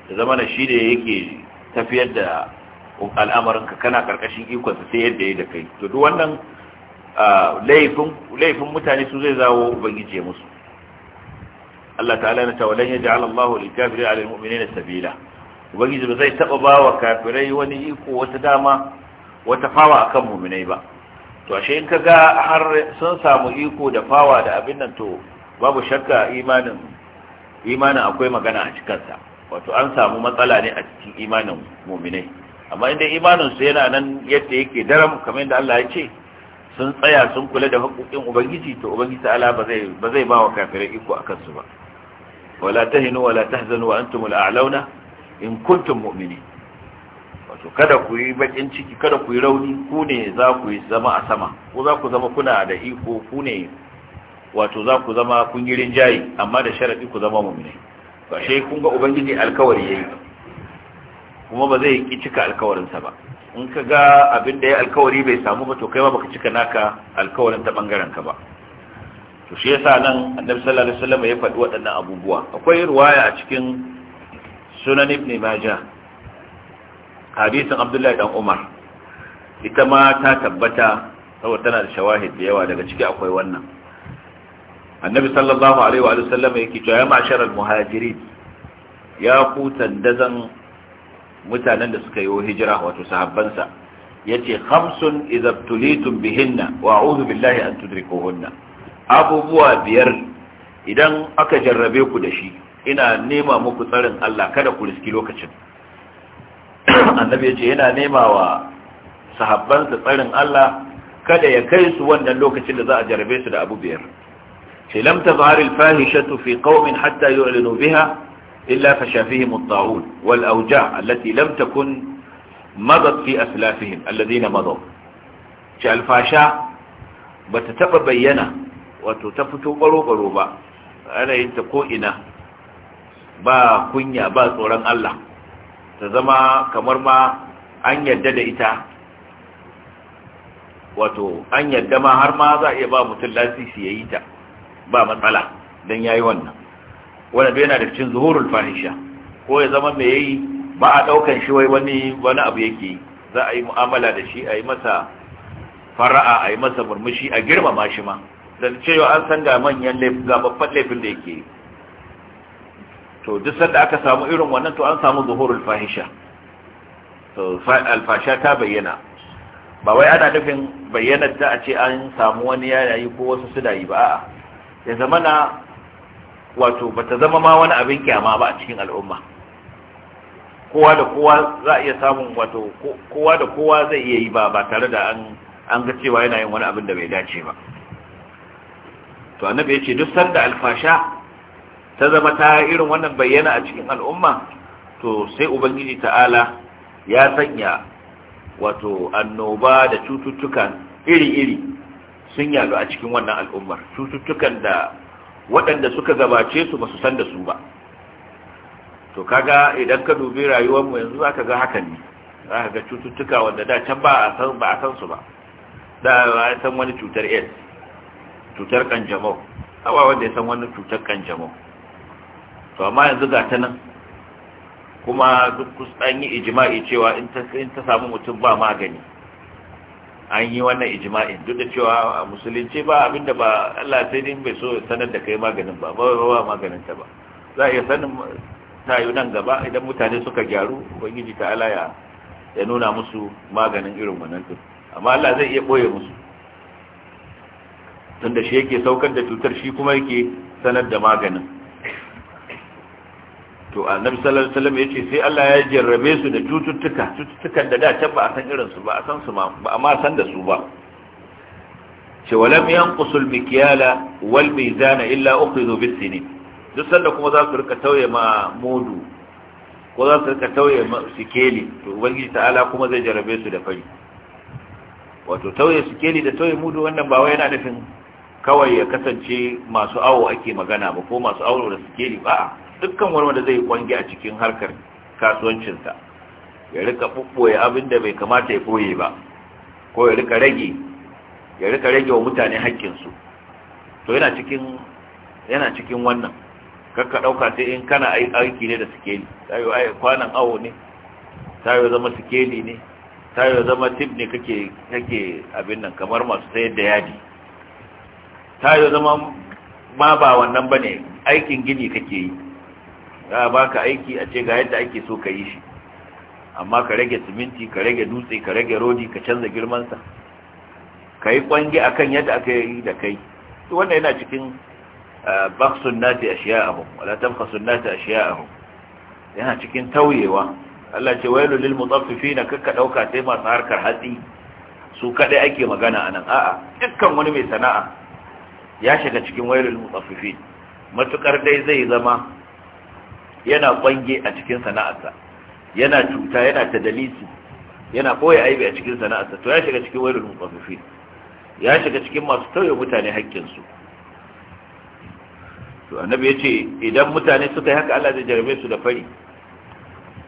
ya zama na shi da yake tafiyar da al'amarinka kana karkashin ikonsa sai yadda ya da kai to duk wannan laifin mutane su zai zawo ubangiji musu Allah ta'ala na tawalan ya ja'ala Allahu lil kafiri 'ala al mu'minina sabila ubangiji ba zai taba ba wa kafirai wani iko wata dama wata fawa akan mu'minai ba to ashe in kaga har sun samu iko da fawa da abin nan to babu shakka imanin imanin akwai magana a cikin sa wato an samu matsala ne a cikin imanin muminai amma inda imanin su yana nan yadda yake daram kamar yadda Allah ya ce sun tsaya sun kula da haƙoƙin ubangiji to ubangiji ta'ala ba zai ba zai bawa kafirai iko akan su ba wala tahinu wala tahzanu wa antum al'auna in kuntum mu'minin wato kada ku yi bakin ciki kada ku yi rauni ku ne za ku yi zama a sama ko za ku zama kuna da iko ku ne wato za ku zama kun yi amma da sharadi ku zama mu'minin ba shi kun ga ubangiji alkawari yayi kuma ba zai ki cika alkawarinsa ba in ka ga abin da ya alkawari bai samu ba to kai ma baka cika naka alkawarin ta bangaren ka ba to shi yasa nan annabi sallallahu alaihi wasallam ya faɗi waɗannan abubuwa akwai riwaya a cikin sunan ibn majah hadisin abdullahi dan umar ita ma ta tabbata saboda tana da shawahid da yawa daga ciki akwai wannan annabi sallallahu alaihi wa sallam yake cewa ya ma'ashar al ya ku tandazan mutanen da suka yi hijira wato sahabbansa yace khamsun idza tulitum bihinna wa a'udhu billahi an tudrikuhunna abubuwa biyar idan aka jarrabe ku da shi ina nema muku tsarin Allah kada ku riski lokacin annabi yace yana nema wa sahabbansa tsarin Allah kada ya kai su wannan lokacin da za a jarrabe su da abu biyar في لم تظهر الفاهشة في قوم حتى يعلنوا بها إلا فشافهم الطاعون والأوجاع التي لم تكن مضت في أسلافهم الذين مضوا شاء الفاشا بتتبى بينا وتتفتوا برو برو با أنا ينتقو إنا با كنيا با صورا الله تزمى كمرما أن يدد إتا وتو أن يدما هرما ذا يبا متلاسي سيئيتا ba matsala don ya yi wannan wanda yana da cikin zuhurul fahisha ko ya zama mai yayi ba a daukan shi wai wani wani abu yake za a yi mu'amala da shi a yi masa fara'a a yi masa murmushi a girmama shi ma da cewa an san ga manyan laifin laifin da yake to duk sanda aka samu irin wannan to an samu zuhurul fahisha to alfasha ta bayyana ba wai ana nufin bayyanar ta a ce an samu wani yayi ko wasu yi ba a'a ya zama na wato ba ta zama ma wani abin kyama ba a cikin al'umma kowa da kowa za a iya samun wato kowa da kowa zai iya yi ba ba tare da an ga cewa yana yin wani abin da bai dace ba to annabi ya ce duk sanda alfasha ta zama ta irin wannan bayyana a cikin al'umma to sai ubangiji ta'ala ya sanya wato annoba da cututtuka iri-iri sun yalu a cikin wannan al'ummar cututtukan da waɗanda suka gabace su ba su san da su ba to kaga idan ka dubi rayuwarmu yanzu za ka ga hakan ne za ka ga cututtuka wanda da can ba a san ba a san su ba da ba san wani cutar aids cutar kanjamau awa wanda ya san wani cutar kanjamau to amma yanzu ga ta nan kuma duk kusan yi ijima'i cewa in ta samu mutum ba magani an yi wannan ijma'in duk da cewa a musulunci ba abinda ba Allah sai din bai so ya sanar da kai maganin ba ba ba maganin ta ba za a iya sanin tayu nan gaba idan mutane suka gyaru ubangiji ta ala ya ya nuna musu maganin irin wannan din amma Allah zai iya boye musu tunda shi yake saukar da cutar shi kuma yake sanar da maganin to annabi sallallahu alaihi wasallam yace sai Allah ya jarrabe su da cututtuka cututtukan da da can ba a san irin su ba a san su ba amma ma san da su ba ce walam yanqusul mikyala wal mizana illa ukhidhu bis sinin duk sanda kuma za su rika tauye ma mudu ko za su rika tauye ma sikeli to ubangiji ta'ala kuma zai jarrabe su da fari wato tauye sikeli da tauye mudu wannan ba wai yana nufin kawai ya kasance masu awo ake magana ba ko masu awo da sikeli ba dukkan wani wanda zai kwange a cikin harkar kasuwancinsa ya rika fuffoye abin da bai kamata ya boye ba ko ya rika rage ya rika rage wa mutane haƙƙinsu to yana cikin yana cikin wannan kakka ɗauka sai in kana aiki ne da sikeli tayo ai kwanan awo ne tayo zama sikeli ne tayo zama tip ne kake kake abin nan kamar masu sayar da yadi tayo zama ma ba wannan bane aikin gini kake yi za a baka aiki a ce ga yadda ake so ka yi shi amma ka rage siminti ka rage dutse ka rage rodi ka canza girmansa ka yi kwangi a kan yadda aka yi da kai wannan yana cikin baksun nati a abu. wala sun nati a abu. yana cikin tauyewa Allah ce wailu lil mutaffifi na kakka ɗauka sai masu harkar hatsi su kaɗai ake magana anan a'a dukkan wani mai sana'a ya shiga cikin wailul mutaffifi matukar dai zai zama yana kwange a cikin sana'arsa yana cuta yana ta dalisi yana koya aibi a cikin sana'arsa to ya shiga cikin wailul mutaffifin ya shiga cikin masu tauye mutane haƙƙinsu to annabi ya ce idan mutane suka yi haka Allah zai jarabe su da fari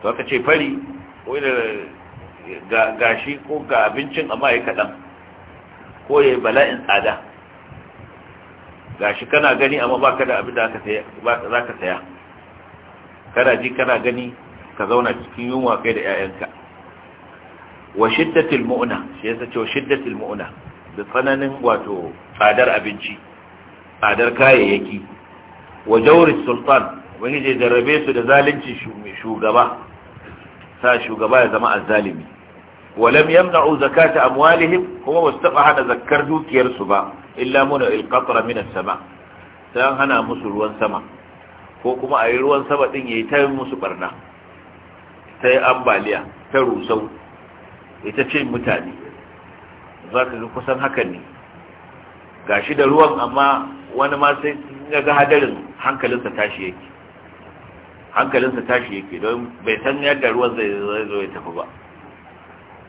to aka ce fari ko da gashi ko ga abincin amma ya kaɗan ko ya yi bala'in tsada gashi kana gani amma ba ka da abin da za ka saya kana ji kana gani ka zauna cikin yunwa kai da 'ya'yanka wa shiddatil mu'na shi yasa cewa shiddatil mu'na da tsananin wato tsadar abinci tsadar kayayyaki wa jawri sultan wani je jarrabe su da zalunci shugaba sa shugaba ya zama azzalimi wa lam yamna'u zakata amwalihim kuma wasu taba hana zakkar dukiyarsu ba illa muna ilqatra min as-sama sai hana musu ruwan sama ko kuma a yi ruwan sama ɗin ya yi ta musu ɓarna. ta yi ambaliya ta rusau ita ce mutane za ka kusan hakan ne Ga shi da ruwan amma wani ma sai ya ga hadarin hankalinsa tashi yake hankalinsa tashi yake don bai san yadda ruwan zai zo ya tafi ba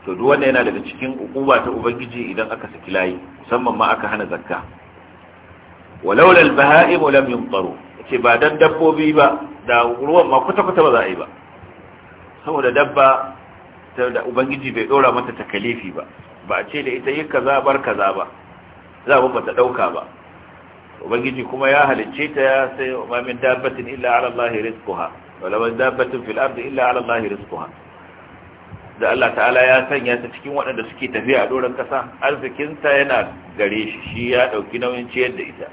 to duk wanda yana daga cikin ukuba ta ubangiji idan aka saki layi musamman ma aka hana zakka walaula albaha'im lam yunqaru ke ba dan dabbobi ba da ruwan ma kwata-kwata ba za a yi ba saboda dabba da ubangiji bai dora mata takalifi ba ba a ce da ita yi kaza bar kaza ba za mu bata ɗauka ba ubangiji kuma ya halicce ta ya sai ma min dabbatin illa ala Allah rizquha wa la min dabbatin fil ardi illa ala Allah rizquha da Allah ta'ala ya sanya ta cikin waɗanda suke tafiya a doron kasa arzikin ta yana gare shi shi ya dauki nauyin ciyar da ita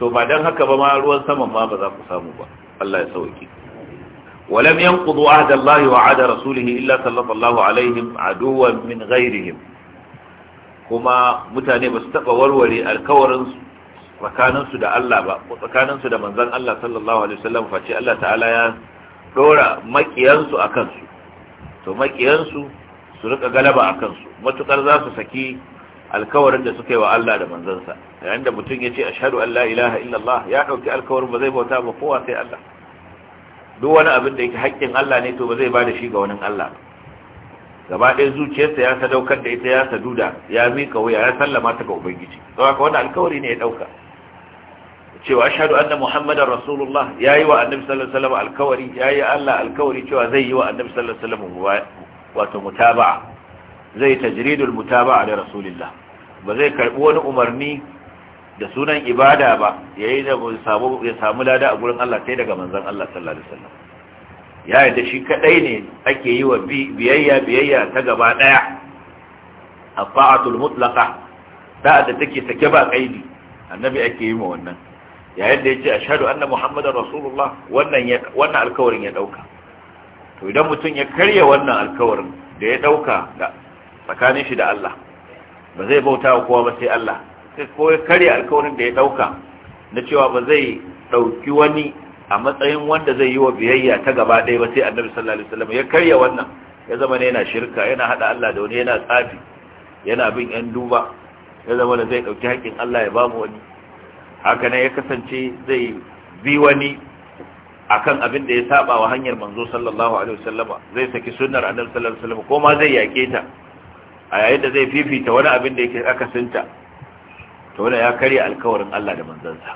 to ba dan haka ba ma ruwan saman ma ba za ku samu ba Allah ya sauke ولم ينقضوا عهد الله وعهد رسوله إلا سلط الله عليهم عدوا من غيرهم kuma mutane ba su taɓa warware alkawarinsu tsakaninsu da Allah ba ko tsakaninsu da manzan Allah sallallahu alaihi wasallam Allah ta'ala ya dora makiyansu a kansu to makiyansu su riƙa galaba a kansu matukar za su saki alkawarin da suka yi wa Allah da manzansa yayin da mutum ya ce ashhadu an la ilaha illallah ya dauki alkawarin ba zai bauta ba kowa sai Allah duk wani abin da yake haƙƙin Allah ne to ba zai bada shi ga wani Allah gaba ɗaya zuciyarsa ya sadaukar da ita ya saduda ya mika wuya ya sallama ta ga ubangiji don haka wannan alkawari ne ya dauka cewa ashhadu anna muhammadar rasulullah yayi wa annabi sallallahu alaihi wasallam alkawari yayi Allah alkawari cewa zai yi wa annabi sallallahu alaihi wasallam wato mutaba'a zai tajridul mutaba'a da rasulillah ba zai karbi wani umarni da sunan ibada ba yayi da samu ya samu lada a gurin Allah sai daga manzon Allah sallallahu alaihi wasallam ya yadda shi kadai ne ake yi wa biyayya biyayya ta gaba daya afa'atul mutlaqa da da take sake ba kaidi annabi ake yi ma wannan yayin da yace ashhadu anna muhammadar rasulullah wannan wannan alkawarin ya dauka to idan mutum ya karya wannan alkawarin da ya dauka tsakanin shi da Allah ba zai bauta wa kowa ba sai Allah sai ko ya karya alkawarin da ya dauka na cewa ba zai dauki wani a matsayin wanda zai yi wa biyayya ta gaba ɗaya ba sai annabi sallallahu alaihi wasallam ya karya wannan ya zama ne yana shirka yana hada Allah da wani yana tsafi yana bin yan duba ya zama da zai dauki haƙƙin Allah ya ba mu wani haka ne ya kasance zai bi wani akan abin da ya saba wa hanyar manzo sallallahu alaihi wasallama zai saki sunnar annabi sallallahu alaihi wasallama ko ma zai yake ta a yayin da zai fifita wani abin da yake akasinta to wannan ya karya alkawarin Allah da manzansa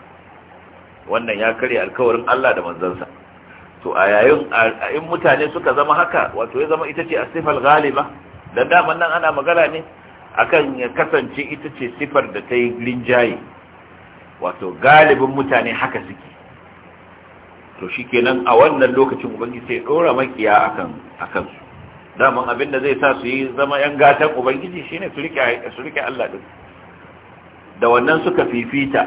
wannan ya karya alkawarin Allah da manzansa to a yayin in mutane suka zama haka wato ya zama ita ce asifal ghaliba dan daman nan ana magana ne akan ya kasance ita ce sifar da ta yi rinjaye wato galibin mutane haka suke to shikenan a wannan lokacin ubangi sai dora makiya akan akan su daman abin da zai sa su yi zama yan gatan ubangiji shine su rike su rike Allah din da wannan suka fifita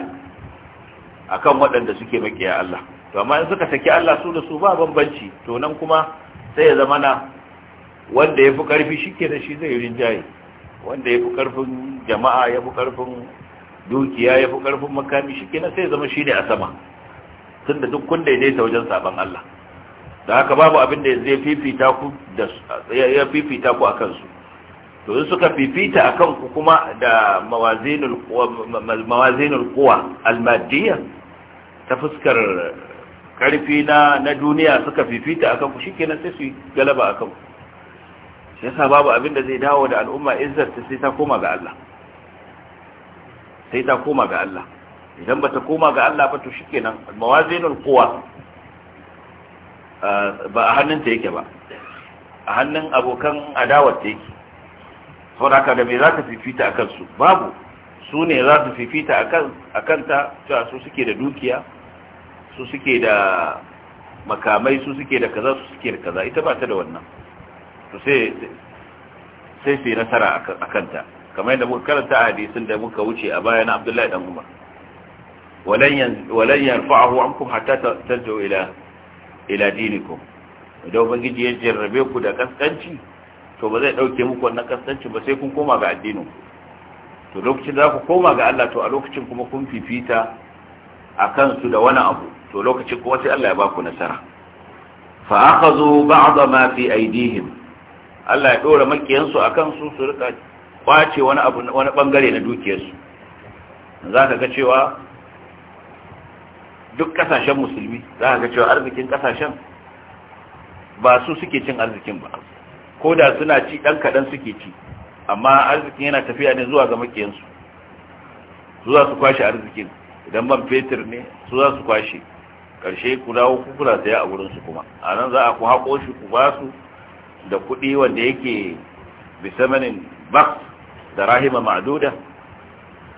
akan waɗanda suke makiya Allah to amma in suka saki Allah su da su ba bambanci to nan kuma sai ya zama na wanda ya fi ƙarfi shi ke da shi zai rinjaye wanda ya fi ƙarfin jama'a ya fi ƙarfin dukiya ya fi ƙarfin makami shi ke sai ya zama shi ne a sama tun da duk kun daidaita wajen sabon Allah da haka babu abin da zai fifita ku da ya fifita ku akan su to in suka fifita akan ku kuma da mawazinul mawazinul quwa almadiyya ta fuskar karfi na na duniya suka fifita akan ku shikenan sai su galaba akan ku sai sa babu abin da zai dawo da al'umma izzar ta sai ta koma ga Allah sai ta koma ga Allah idan bata koma ga Allah ba to shikenan mawazinul quwa ba a hannunta yake ba a hannun abokan adawar ta yake saboda da me za ta fifita a kansu babu su ne za su fifita a kanta cewa su suke da dukiya su suke da makamai su suke da kaza su suke da kaza ita ba ta da wannan to sai sai su yi nasara a kanta kamar yadda muka karanta a hadisin da muka wuce a baya na abdullahi dan umar walan yarfa'ahu ankum hatta tarji'u ila ila dinikum idan ubangiji ya jarrabe ku da kaskanci to ba zai dauke muku wannan kaskanci ba sai kun koma ga addinin to lokacin da ku koma ga Allah to a lokacin kuma kun fifita akan su da wani abu to lokacin kuma sai Allah ya ba ku nasara fa akhadhu ba'd ma fi aydihim Allah ya dora su akan su su rika kwace wani abu wani bangare na su zaka ga cewa duk kasashen musulmi za ka ga cewa arzikin kasashen ba su suke cin arzikin ba ko da suna ci ɗan kaɗan suke ci amma arzikin yana tafiya ne zuwa ga makiyansu su za su kwashe arzikin idan ban fetur ne su za su kwashe ƙarshe ku dawo ku kula saya a wurinsu kuma a nan za a ku haƙo shi ku ba su da kuɗi wanda yake bisamanin bak da rahima ma'aduda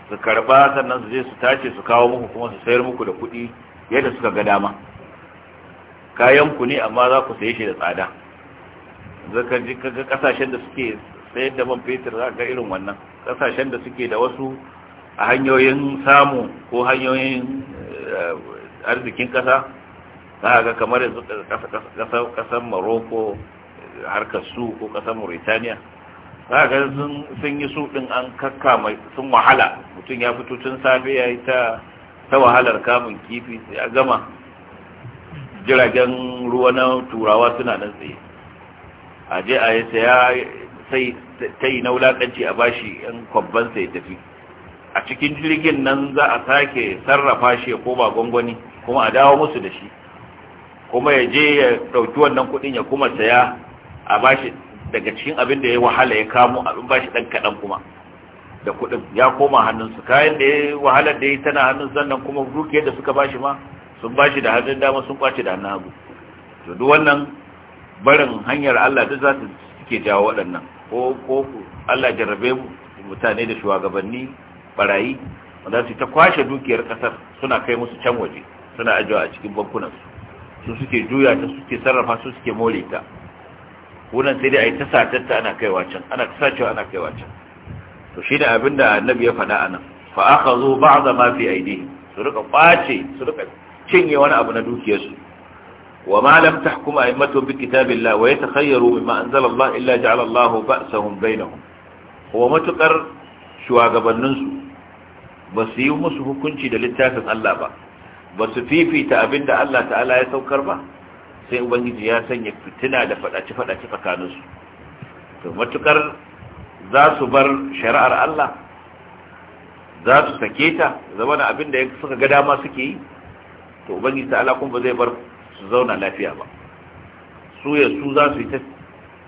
su karɓa sannan su je su tace su kawo muku kuma su sayar muku da kuɗi yadda suka ga dama kayan ku ne amma za ku saye shi da tsada zaka ji kaga kasashen da suke sayar da man fetur za ga irin wannan kasashen da suke da wasu a hanyoyin samu ko hanyoyin eh, arzikin kasa za ga kamar yanzu kasar Morocco harkar su ko kasar Mauritania za ga sun yi su din an kakkama sun wahala mutum ya fito tun safe ya yi ta ta wahalar kamun kifi sai a gama jiragen ruwa na turawa suna nan tsaye a je a yi saya sai ta yi na wulakanci a bashi yan kwabban sai tafi a cikin jirgin nan za a sake sarrafa shi ko ba gwangwani kuma a dawo musu da shi kuma ya je ya ɗauki wannan kuɗin ya kuma saya a bashi daga cikin abin da ya wahala ya kamo abin bashi ɗan kaɗan kuma da kuɗin ya koma hannunsu kayan da ya wahalar da ya tana hannun sannan kuma dukiyar da suka bashi ma sun bashi da hannun dama sun kwace da hannun hagu to duk wannan barin hanyar Allah da za ta suke jawo waɗannan ko ko Allah jarrabe mutane da shugabanni barayi wanda su ta kwashe dukiyar ƙasar suna kai musu can waje suna ajiyewa a cikin bankunan su suke juya ta suke sarrafa su suke more ta wannan sai dai a ta sa ana kaiwa can ana ta ana kaiwa can to abin abinda annabi ya faɗa anan fa akhadhu ba'd ma fi aydihim su rika kwace su rika cinye wani abu na dukiyarsu wa ta hukuma a yi bi kitabillah wa yatakhayyaru bima anzala Allah illa ja'ala Allah ba'sahum bainahum wa matukar shugabannin su ba su yi musu hukunci da littafin Allah ba ba su fifita abinda Allah ta'ala ya saukar ba sai ubangiji ya sanya fitina da fadace fadace tsakaninsu to matuƙar. za su bar shari'ar Allah za su sake ta zama da abin da suka ga dama suke yi to ubangiji ta'ala kun ba zai bar su zauna lafiya ba su ya su za su yi ta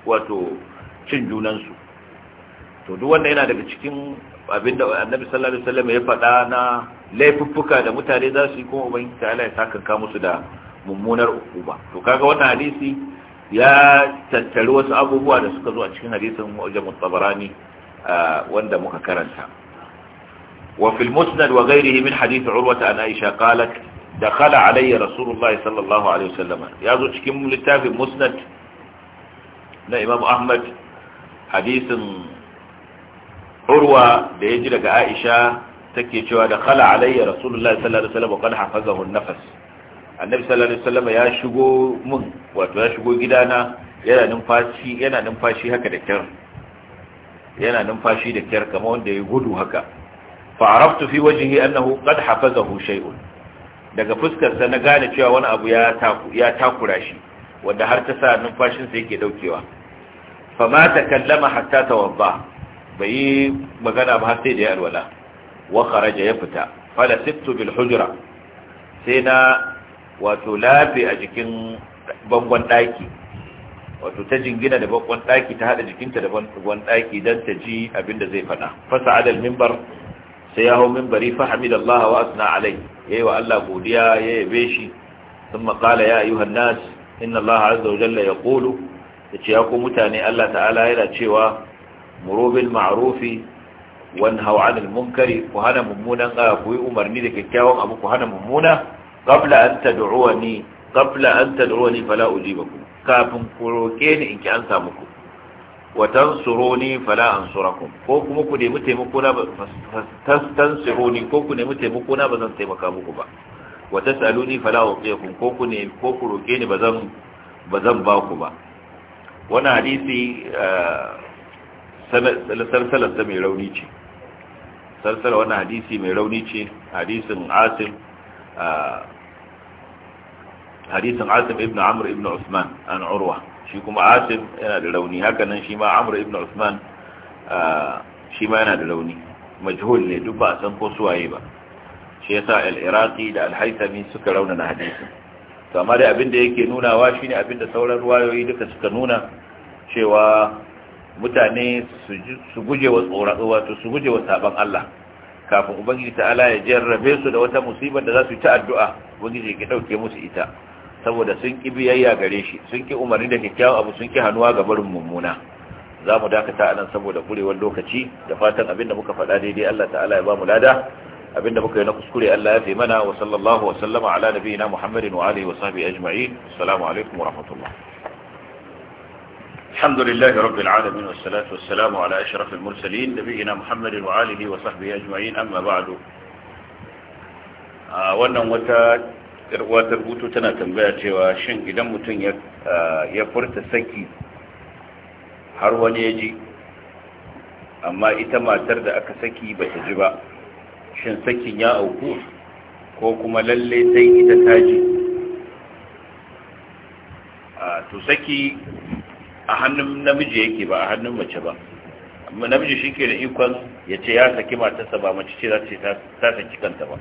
wato cin junansu to duk wanda yana daga cikin abin da annabi sallallahu alaihi wasallam ya faɗa na laifuffuka da mutane za su yi kuma ubangiji ta'ala ya saka musu da mummunar uba to kaga wannan hadisi ya tattari wasu abubuwa da suka zo a cikin hadisin mu'jamut tabarani wanda muka karanta wa fil musnad wa ghayrihi min hadith urwa an aisha sallallahu alaihi wasallam ya zo cikin littafin musnad na imam ahmad hadisin urwa da ya ji daga aisha take cewa dakhala alayya rasulullahi sallallahu alaihi wa nafas annabi sallallahu alaihi wasallam ya shigo mun wato ya shigo gidana yana numfashi yana numfashi haka da kyar yana numfashi da kyar kamar wanda ya gudu haka fa araftu fi wajhihi annahu qad hafazahu shay'un daga fuskar sa na gane cewa wani abu ya taku ya takura shi wanda har ta sa numfashin sa yake daukewa fa ma takallama hatta tawadda bai magana ba har sai da ya alwala wa kharaja ya fita fala sittu bil hujra sai na wato labe a jikin bangon ɗaki wato ta jingina da bangon ɗaki ta haɗa jikinta da bangon ɗaki don ta ji abin da zai faɗa fasa adal mimbar sai ya hau mimbari fa hamidallaha wa asna alai yayi wa Allah godiya ya yabe shi thumma qala ya ayyuhan nas inna Allah azza wa jalla yaqulu yace ya ku mutane Allah ta'ala yana cewa muru bil ma'rufi wanhaw 'anil munkari ku hana mummunan ah, ku yi umarni da kyakkyawan abu ku hana mummuna qabla an tad'uwani qabla an tad'uwani fala ujibakum kafin ku roƙe ni in ki an samu ku wa tansuruni fala ansurakum ko kuma ku nemi taimako na ba tansiruni ko ku nemi taimako na ba zan taimaka muku ba wa tasaluni fala uqiyakum ko ku ne ko ku roƙe ni ba zan ba ba ku ba wannan hadisi eh, salsalar ta mai rauni ce salsalar wannan hadisi mai rauni ce hadisin asim hadisin asim ibn amr ibn usman an urwa shi kuma asim yana da rauni hakanan shi ma amr ibn usman shi ma yana da rauni majhul ne duk ba san ko waye ba shi yasa al-iraqi da al-haythami suka raunana hadisin to amma dai abin da yake wa, shine abin da sauran ruwayoyi duka suka nuna cewa mutane su guje wa tsoratsuwa to su guje wa saban Allah kafin ubangiji ta'ala ya jarrabe su da wata musibar da za su yi ta addu'a ubangiji ke ɗauke musu ita saboda sun ƙi biyayya gare shi sun ƙi umarni da kyakkyawan abu sun ƙi hannuwa ga barin mummuna za mu dakata nan saboda ƙurewar lokaci da fatan abin da muka faɗa daidai Allah ta'ala ya ba mu lada abin da muka yi na kuskure Allah ya fi mana wa sallallahu wa sallama ala nabiyina Muhammadin wa alihi wa sahbihi ajma'in assalamu alaikum wa rahmatullah الحمد لله رب العالمين والصلاة والسلام على أشرف المرسلين نبينا محمد وآله وصحبه أجمعين أما بعد wannan wata irwa ta rubutu tana tambaya cewa shin idan mutum ya furta saki har wani ya ji amma ita matar da aka saki ba ta ji ba shin sakin ya auku ko kuma lalle sai ita ta ji to saki a hannun namiji yake ba a hannun mace ba amma namiji shi ke da ikon ya ce ya saki matarsa ba mace ce za ta ce ta saki kanta ba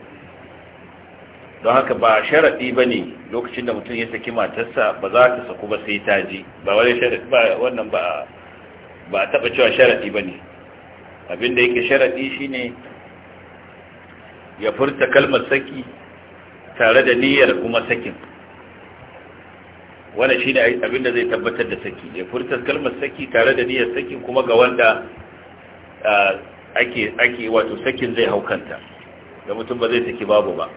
don haka ba sharaɗi ba ne lokacin da mutum ya saki matarsa ba za ta saku ba sai ta ji ba wani sharaɗi ba wannan ba ba a taɓa cewa sharaɗi ba ne abinda yake sharaɗi shi ne ya furta kalmar saki tare da niyyar kuma sakin wannan shine abin da zai tabbatar da saki ya furta kalmar saki tare da niyyar saki kuma ga wanda ake ake wato sakin zai haukanta da mutum ba zai saki babu ba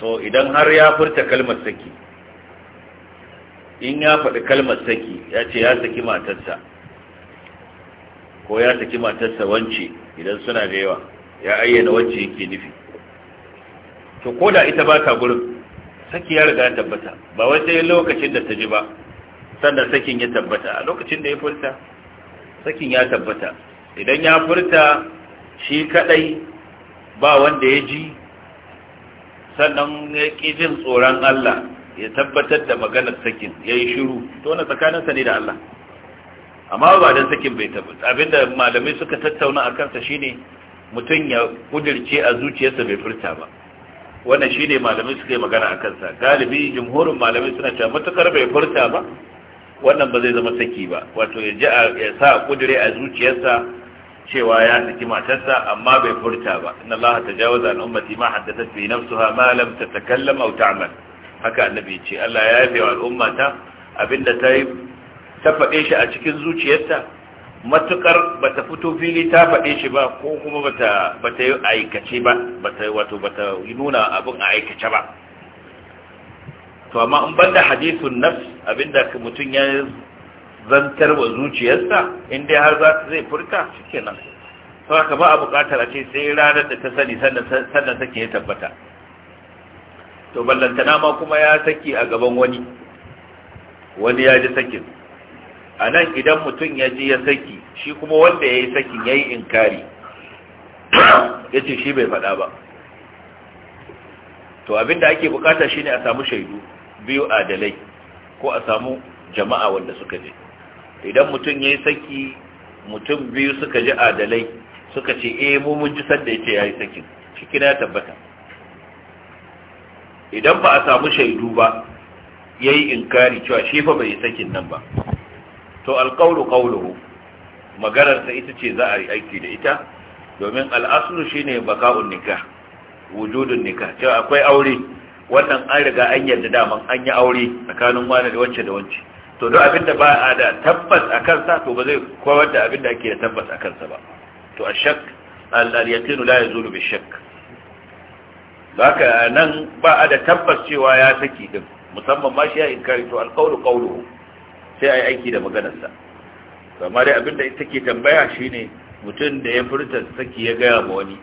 so idan har ya furta kalmar saki in ya faɗi kalmar saki ya ce ya saki matarsa ko ya saki matarsa wance idan suna da yawa ya ayyana wance yake nufi to ko da ita ba ta gurin saki ya riga ya tabbata ba wai sai lokacin da ta ji ba sannan sakin ya tabbata a lokacin da ya furta sakin ya tabbata idan ya furta shi kadai ba wanda ya ji sannan ya ƙi jin tsoron Allah ya tabbatar da maganar sakin ya yi shiru to tsakaninsa ne da Allah amma ba don sakin bai tabbata abinda malamai suka tattauna a kansa shine mutum ya kudirce a zuciyarsa bai furta ba wannan shine malamai suke magana a kansa galibi jumhurin malamai suna cewa matukar bai furta ba wannan ba zai zama saki ba wato ya ji ya sa kudure a zuciyarsa cewa ya saki matarsa amma bai furta ba inna allaha tajawaza an ummati ma haddathat bi nafsiha ma lam tatakallam aw ta'mal haka annabi ce Allah ya yafe wa ta abinda ta yi ta faɗe shi a cikin zuciyarta matukar bata fito fili ta faɗe shi ba ko kuma ba ta yi aikace ba ba yi wato ba yi nuna abin a aikace ba to amma in banda hadisun nafs abinda mutum ya zantar wa zuciyarsa inda har za zai furta nan to haka ba a buƙatar a ce sai ranar da ta sani sannan sake ya tabbata to ballantana ma kuma ya saki a gaban wani wani ya ji sakin a nan idan mutum ya ji ya saki shi kuma wanda ya yi sakin ya yi inkari ya ce shi bai faɗa ba to abinda ake bukata ne a samu shaidu biyu adalai ko a samu jama'a wanda suka je idan mutum ya yi saki mutum biyu suka ji adalai suka ce eh mu mun ji sanda ya ce ya yi sakin shi kina tabbata idan ba a samu shaidu ba ya yi inkari cewa shi fa bai yi sakin nan ba to alƙaulu ƙauluhu magararsa ita ce za a yi aiki da ita domin shi ne baka'un nikah wujudun nikah cewa akwai aure wannan an riga an yadda daman an yi aure tsakanin wani da wacce da wacce to don abinda ba a da tabbas a kansa to ba zai kowar da abinda ake da tabbas a kansa ba to a shak al la ya yazulu bi ba ka nan ba a da tabbas cewa ya saki din musamman ma shi ya inkari to alqawlu qawluhu sai a yi aiki da maganarsa kamar dai abinda ita ke tambaya shine mutum da ya furta saki ya gaya ma wani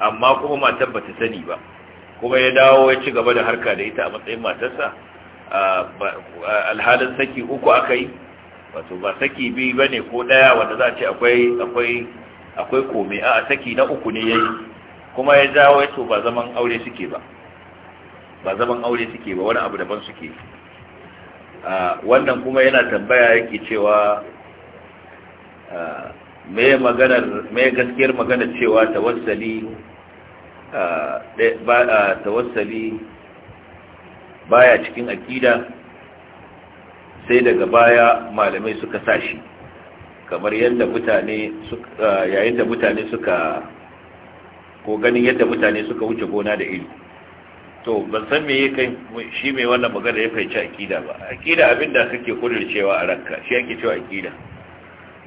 amma kuma matar ba ta sani ba kuma ya dawo ya ci gaba da harka da ita a matsayin matarsa alhalin saki uku aka yi wato ba saki biyu ba ne ko ɗaya wanda za a ce akwai kome a saki na uku ne ya yi kuma ya dawo ya ba zaman aure suke ba ba zaman aure suke ba wani abu daban suke wannan kuma yana tambaya yake cewa me gaskiyar magana cewa tawassali ba baya cikin akida sai daga baya malamai suka sashi kamar yayin da mutane suka ko ganin yadda mutane suka wuce gona da ilimi to ban san me yake shi mai wannan magana ya fahimci akida ba akida abinda kake kudircewa a ranka shi yake cewa akida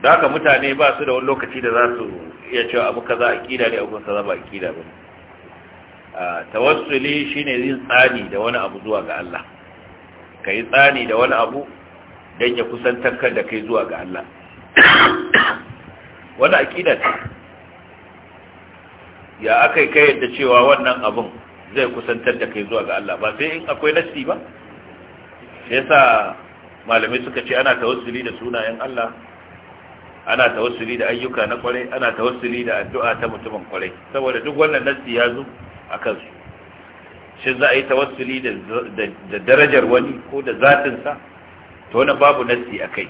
da haka mutane ba su da wani lokaci da za su iya cewa abu kaza akida ne abu kaza ba akida ba tawassuli shine yin tsani da wani abu zuwa ga Allah kai tsani da wani abu dan ya kusantar ka da kai zuwa ga Allah wannan akida ce ya akai kai yadda cewa wannan abun zai kusantar da kai zuwa ga Allah ba sai in akwai nasi ba yasa malamai suka ce ana tawassuli da sunayen Allah ana tawassuli da ayyuka na kwarai ana tawassuli da addu'a ta mutumin kwarai saboda duk wannan nasi ya zo a kansu shi za a yi tawassuli da darajar wani ko da zatinsa to wani babu nasi a kai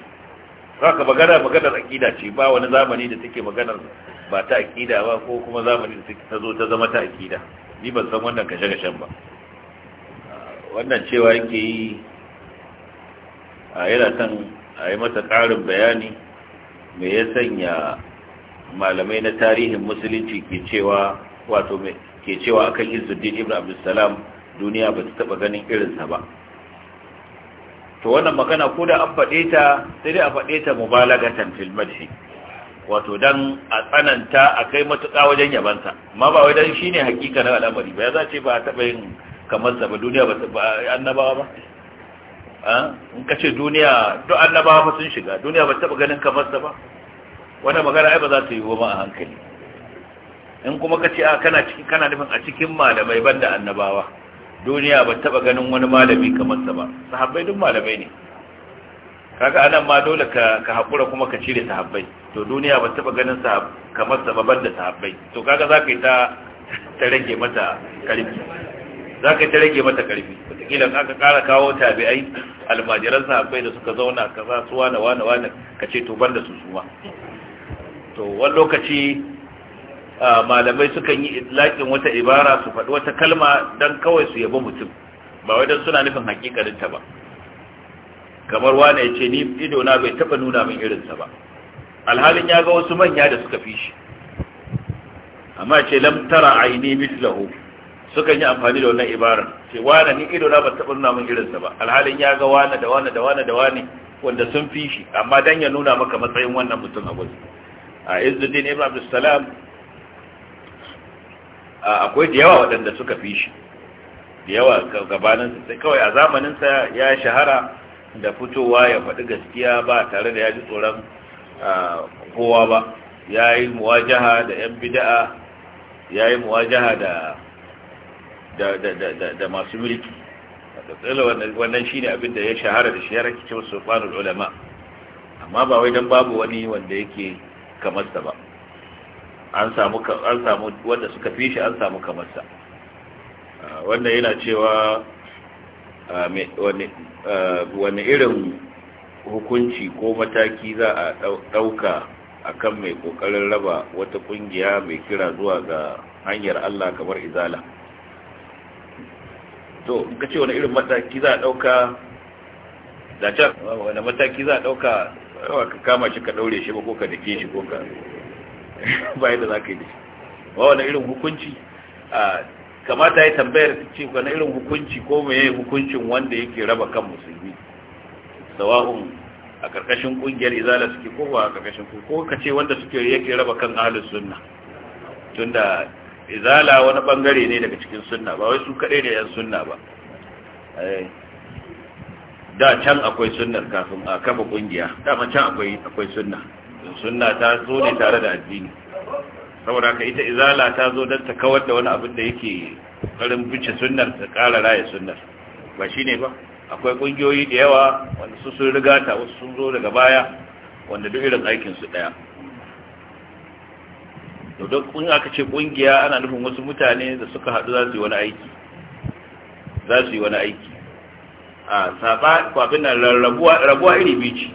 haka magana maganar akida ce ba wani zamani da take maganar ba ta akida ba ko kuma zamani da take ta zo ta zama ta akida ni ban san wannan kashe-kashen ba wannan cewa yake yi a yana son a yi masa ƙarin bayani me ya sanya malamai na tarihin musulunci ke cewa wato ke cewa akan izuddin ibn abdulsalam duniya ba ta taɓa ganin irinsa ba to wannan magana ko da an faɗe ta sai dai a faɗe ta mubalagatan fil wato dan a tsananta a kai matuƙa wajen yabanta. ma ba wai dan shine hakika na al'amari ba ya zace ba a taɓa yin kamar sa ba duniya ba annabawa ba in ka ce duniya duk annabawa ba sun shiga duniya ba taɓa ganin kamar sa ba wannan magana ai ba za ta yi goma a hankali in kuma ka ce a kana cikin kana nufin a cikin malamai banda annabawa duniya ba taɓa ganin wani malami kamar sa ba sahabbai duk malamai ne kaga anan ma dole ka ka hakura kuma ka cire sahabbai to duniya ba taba ganin sa kamar sababar da sahabbai to kaga zaka yi ta ta rage mata karfi zaka yi ta rage mata karfi wataƙila aka ƙara kawo tabi'ai almajiran sahabbai da suka zauna ka za su wane wane wane ka ce to ban da su suma to wani lokaci malamai sukan yi laƙin wata ibara su faɗi wata kalma don kawai su yabi mutum ba wai don suna nufin hakikarinta ba kamar wane ya ce ni ido na bai taɓa nuna min irinsa ba alhalin ya ga wasu manya da suka fi shi amma ce lamtara aini mislahu suka yi amfani da wannan ibarar ce wane ni ido na ba taɓa nuna min sa ba alhalin ya ga wane da wane da wane da wane wanda sun fi shi amma dan ya nuna maka matsayin wannan mutum a gudu a izuddin ibn abdussalam akwai da yawa waɗanda suka fi shi da yawa sa sai kawai a zamanin sa ya shahara da fitowa ya faɗi gaskiya ba tare da ya ji tsoron kowa ba ya yi muwajaha da 'yan bida'a ya yi muwajaha da masu mulki wannan shi ne abinda ya shahara da shahara ke cewa sufanul ulama amma ba wai don babu wani wanda yake sa ba an samu wanda suka fi shi an samu kamar sa. wanda yana cewa wani irin hukunci ko mataki za a ɗauka akan mai kokarin raba wata kungiya mai kira zuwa ga hanyar Allah kamar izala to ka ce wani irin mataki za a ɗauka da can wani mataki za a ɗauka yawa ka kama shi ka ɗaure shi ba ko ka dake shi ko ka ba yadda za ka yi da shi ba wani irin hukunci kamata ya tambayar ce wani irin hukunci ko mai hukuncin wanda yake raba kan musulmi sawa'un a karkashin kungiyar izala suke ko a karkashin ko ka ce wanda suke yake raba kan ahlus sunna tunda izala wani bangare ne daga cikin sunna ba wai su kadai ne yan sunna ba eh, da can akwai sunnar kafin a kafa kungiya dama can akwai akwai sunna sunna ta zo ne tare da addini saboda ka ita izala ta zo don ta kawar da wani abin da yake karin bice sunnar ta kara raya sunnar ba shine ba akwai kungiyoyi da yawa wanda su sun rigata wasu sun zo daga baya wanda duk irin aikin su daya to duk kun aka ce kungiya ana nufin wasu mutane da suka haɗu za su yi wani aiki za su yi wani aiki a saba abin nan rabuwa rabuwa iri biyu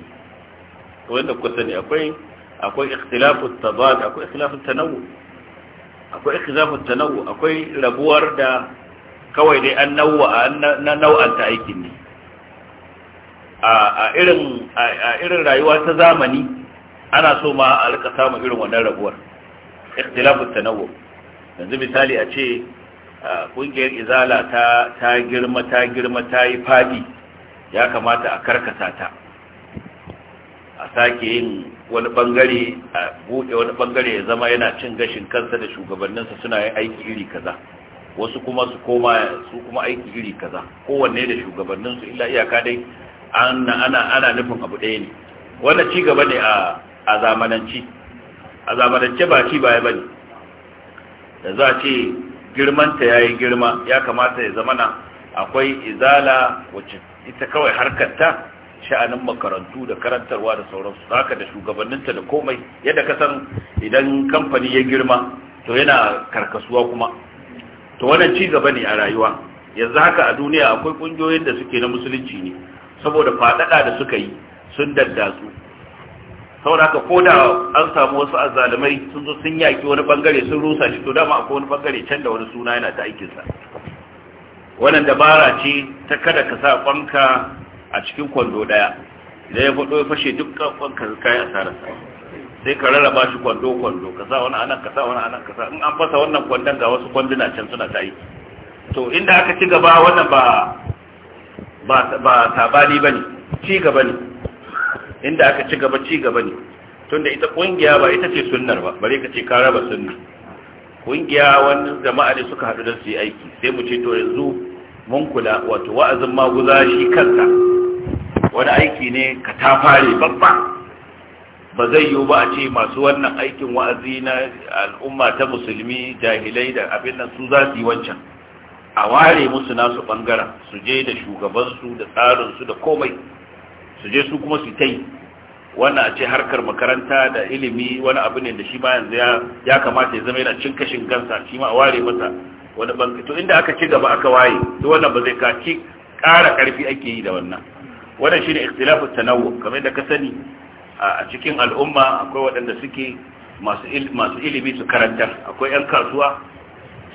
to wanda kuka sani akwai akwai ikhtilafu tabad akwai ikhtilafu tanawu akwai ikhtilafu tanawu akwai rabuwar da kawai dai an nawa an nau'anta aikin ne a irin rayuwa ta zamani ana so ma a rika samun irin wannan rabuwar ikhtilafu tanawwu yanzu misali a ce kungiyar izala ta ta girma ta girma ta yi fadi ya kamata a karkasa ta a sake yin wani bangare a buɗe wani bangare ya zama yana cin gashin kansa da shugabanninsa suna yin aiki iri kaza wasu kuma su koma su kuma aiki iri kaza kowanne da shugabanninsu illa iyaka dai ana ana nufin abu ɗaya ne wannan ci gaba ne a zamananci a zamanance ba ci baya bane da za ce girmanta yayi girma ya kamata ya zamana akwai izala wacce ita kawai harkar ta sha'anin makarantu da karantarwa da sauransu haka da shugabanninta da komai yadda ka san idan kamfani ya girma to yana karkasuwa kuma to wannan ci gaba ne a rayuwa yanzu haka a duniya akwai kungiyoyin da suke na musulunci ne saboda faɗaɗa da suka yi sun daddatsu saboda haka ko da an samu wasu azalimai, sun zo sun yaki wani bangare sun rusa shi to dama akwai wani bangare can da wani suna yana ta aikinsa wannan dabara ce ta kada ka sa kwanka a cikin kwando daya idan ya fado ya fashe dukkan kwanka ka kai asararsa sai ka rarraba shi kwando kwando ka sa wani anan ka sa wani anan ka sa in an fasa wannan kwandon ga wasu kwanduna can suna ta aiki to inda aka ci gaba wannan ba ba sabani ba ne ci gaba ne inda aka ci gaba ci gaba ne tunda ita kungiya ba ita ce sunnar ba bare ka ce ka raba sunna kungiya wani jama'a ne suka haɗu don su yi aiki sai mu ce to yanzu mun kula wato wa'azin maguza shi kanta. wani aiki ne ka ta fare babba ba zai yiwu ba a ce masu wannan aikin wa'azi na al'umma ta musulmi jahilai da abin nan su za su yi wancan a ware musu nasu bangaren su je da shugabansu da tsarinsu da komai su je su kuma su ta yi wannan a ce harkar makaranta da ilimi wani abu ne da shi ma yanzu ya kamata ya zama yana cin kashin gansa shi ma a ware masa wani bangare to inda aka ci gaba aka waye to wannan ba zai kaci ƙara ƙarfi ake yi da wannan wannan shine ikhtilafu tanawwu kamar da ka sani a cikin al'umma akwai waɗanda suke masu ilimi su karanta, akwai 'yan kasuwa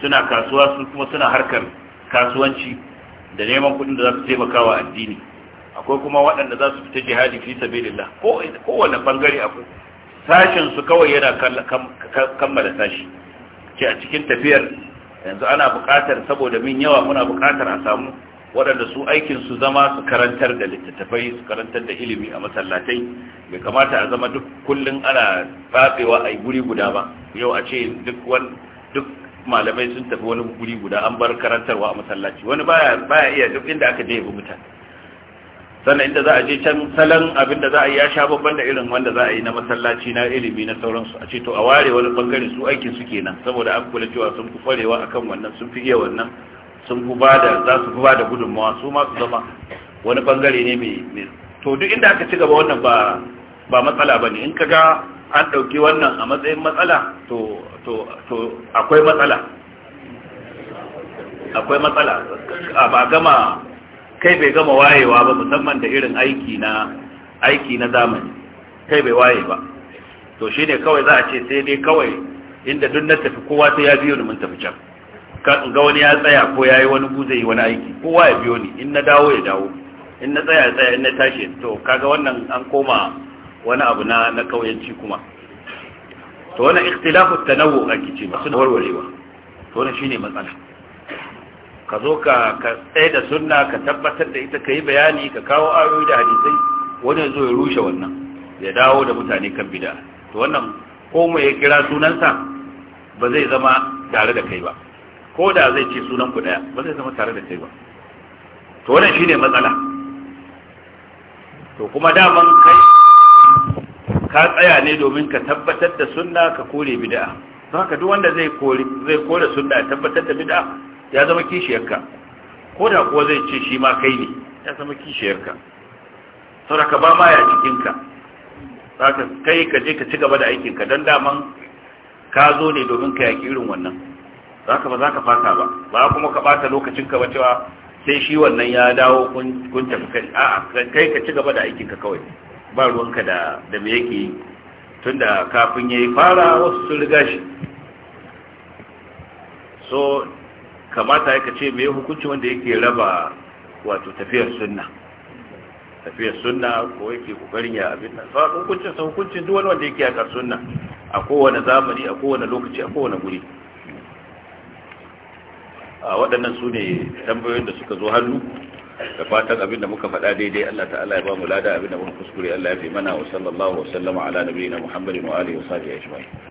suna kasuwa su kuma suna harkar kasuwanci da neman kuɗin da za su taimaka wa addini akwai kuma waɗanda za su fita jihadi fi sabilillah ko kowane bangare a sashin su kawai yana kammala sashi ce a cikin tafiyar yanzu ana buƙatar saboda min yawa muna buƙatar a samu waɗanda su aikin su zama su karantar da littattafai su karantar da ilimi a masallatai bai kamata a zama duk kullum ana batsewa a guri guda ba yau a ce duk duk malamai sun tafi wani guri guda an bar karantarwa a masallaci wani baya baya iya duk inda aka je bi mutane sannan inda za a je can salon abin da za a yi ya sha babban da irin wanda za a yi na masallaci na ilimi na sauransu a ce to a ware wani bangare su aikin su kenan saboda an kula cewa sun fi kwarewa akan wannan sun fi iya wannan sun fi ba da za su fi ba da gudunmawa su ma su zama wani bangare ne mai to duk inda aka ci gaba wannan ba ba matsala ba ne in ka ga an ɗauki wannan a matsayin matsala to to akwai matsala akwai matsala a ba gama kai bai gama wayewa ba musamman da irin aiki na aiki na zamani kai bai waye ba to shine kawai za a ce sai dai kawai inda duk na tafi kowa sai ya biyo ni mun tafi can kan ga wani ya tsaya ko ya yi wani guzai wani aiki kowa ya biyo ni in na dawo ya dawo in na tsaya ya tsaya in na tashi to kaga wannan an koma wani abu na na kauyanci kuma to wannan ikhtilafu a kici ba suna warwarewa to wannan shine matsala ka zo ka ka tsaye da sunna ka tabbatar da ita kai bayani ka kawo ayoyi da hadisai wani zo ya rushe wannan ya dawo da mutane kan bid'a to wannan ko mu ya kira sunansa ba zai zama tare da kai ba ko da zai ce sunan ku daya ba zai zama tare da kai ba to wannan shine matsala to kuma daman kai ka tsaya ne domin ka tabbatar da sunna ka kore bid'a don haka duk wanda zai kore zai kore sunna tabbatar da bid'a ya zama kishiyarka ko da kuwa zai ce shi ma kai ne ya zama kishiyarka sauraka ba ma ya cikinka za ka kai ka je ka ci gaba da aikinka don daman ka zo ne domin ka yaki irin wannan zaka ba za ka fata ba ba kuma ka ɓata lokacinka ba cewa sai shi wannan ya dawo kun tafi kai a'a kai ka ci gaba da aikinka kawai ba ruwanka da da me yake tunda kafin yayi fara wasu sun riga shi so kamata ya ce me hukunci wanda yake raba wato tafiyar sunna tafiyar sunna ko yake kokarin ya abin nan so hukuncin sa hukuncin duk wanda yake a kar sunna a kowane zamani a kowane lokaci a kowane guri a waɗannan su ne tambayoyin da suka zo hannu da fatan abin da muka faɗa daidai Allah ta'ala ya ba mu lada abin da muka kuskure Allah ya fi mana wa sallallahu wa sallama ala nabiyina Muhammadin wa alihi wa sahbihi ajma'in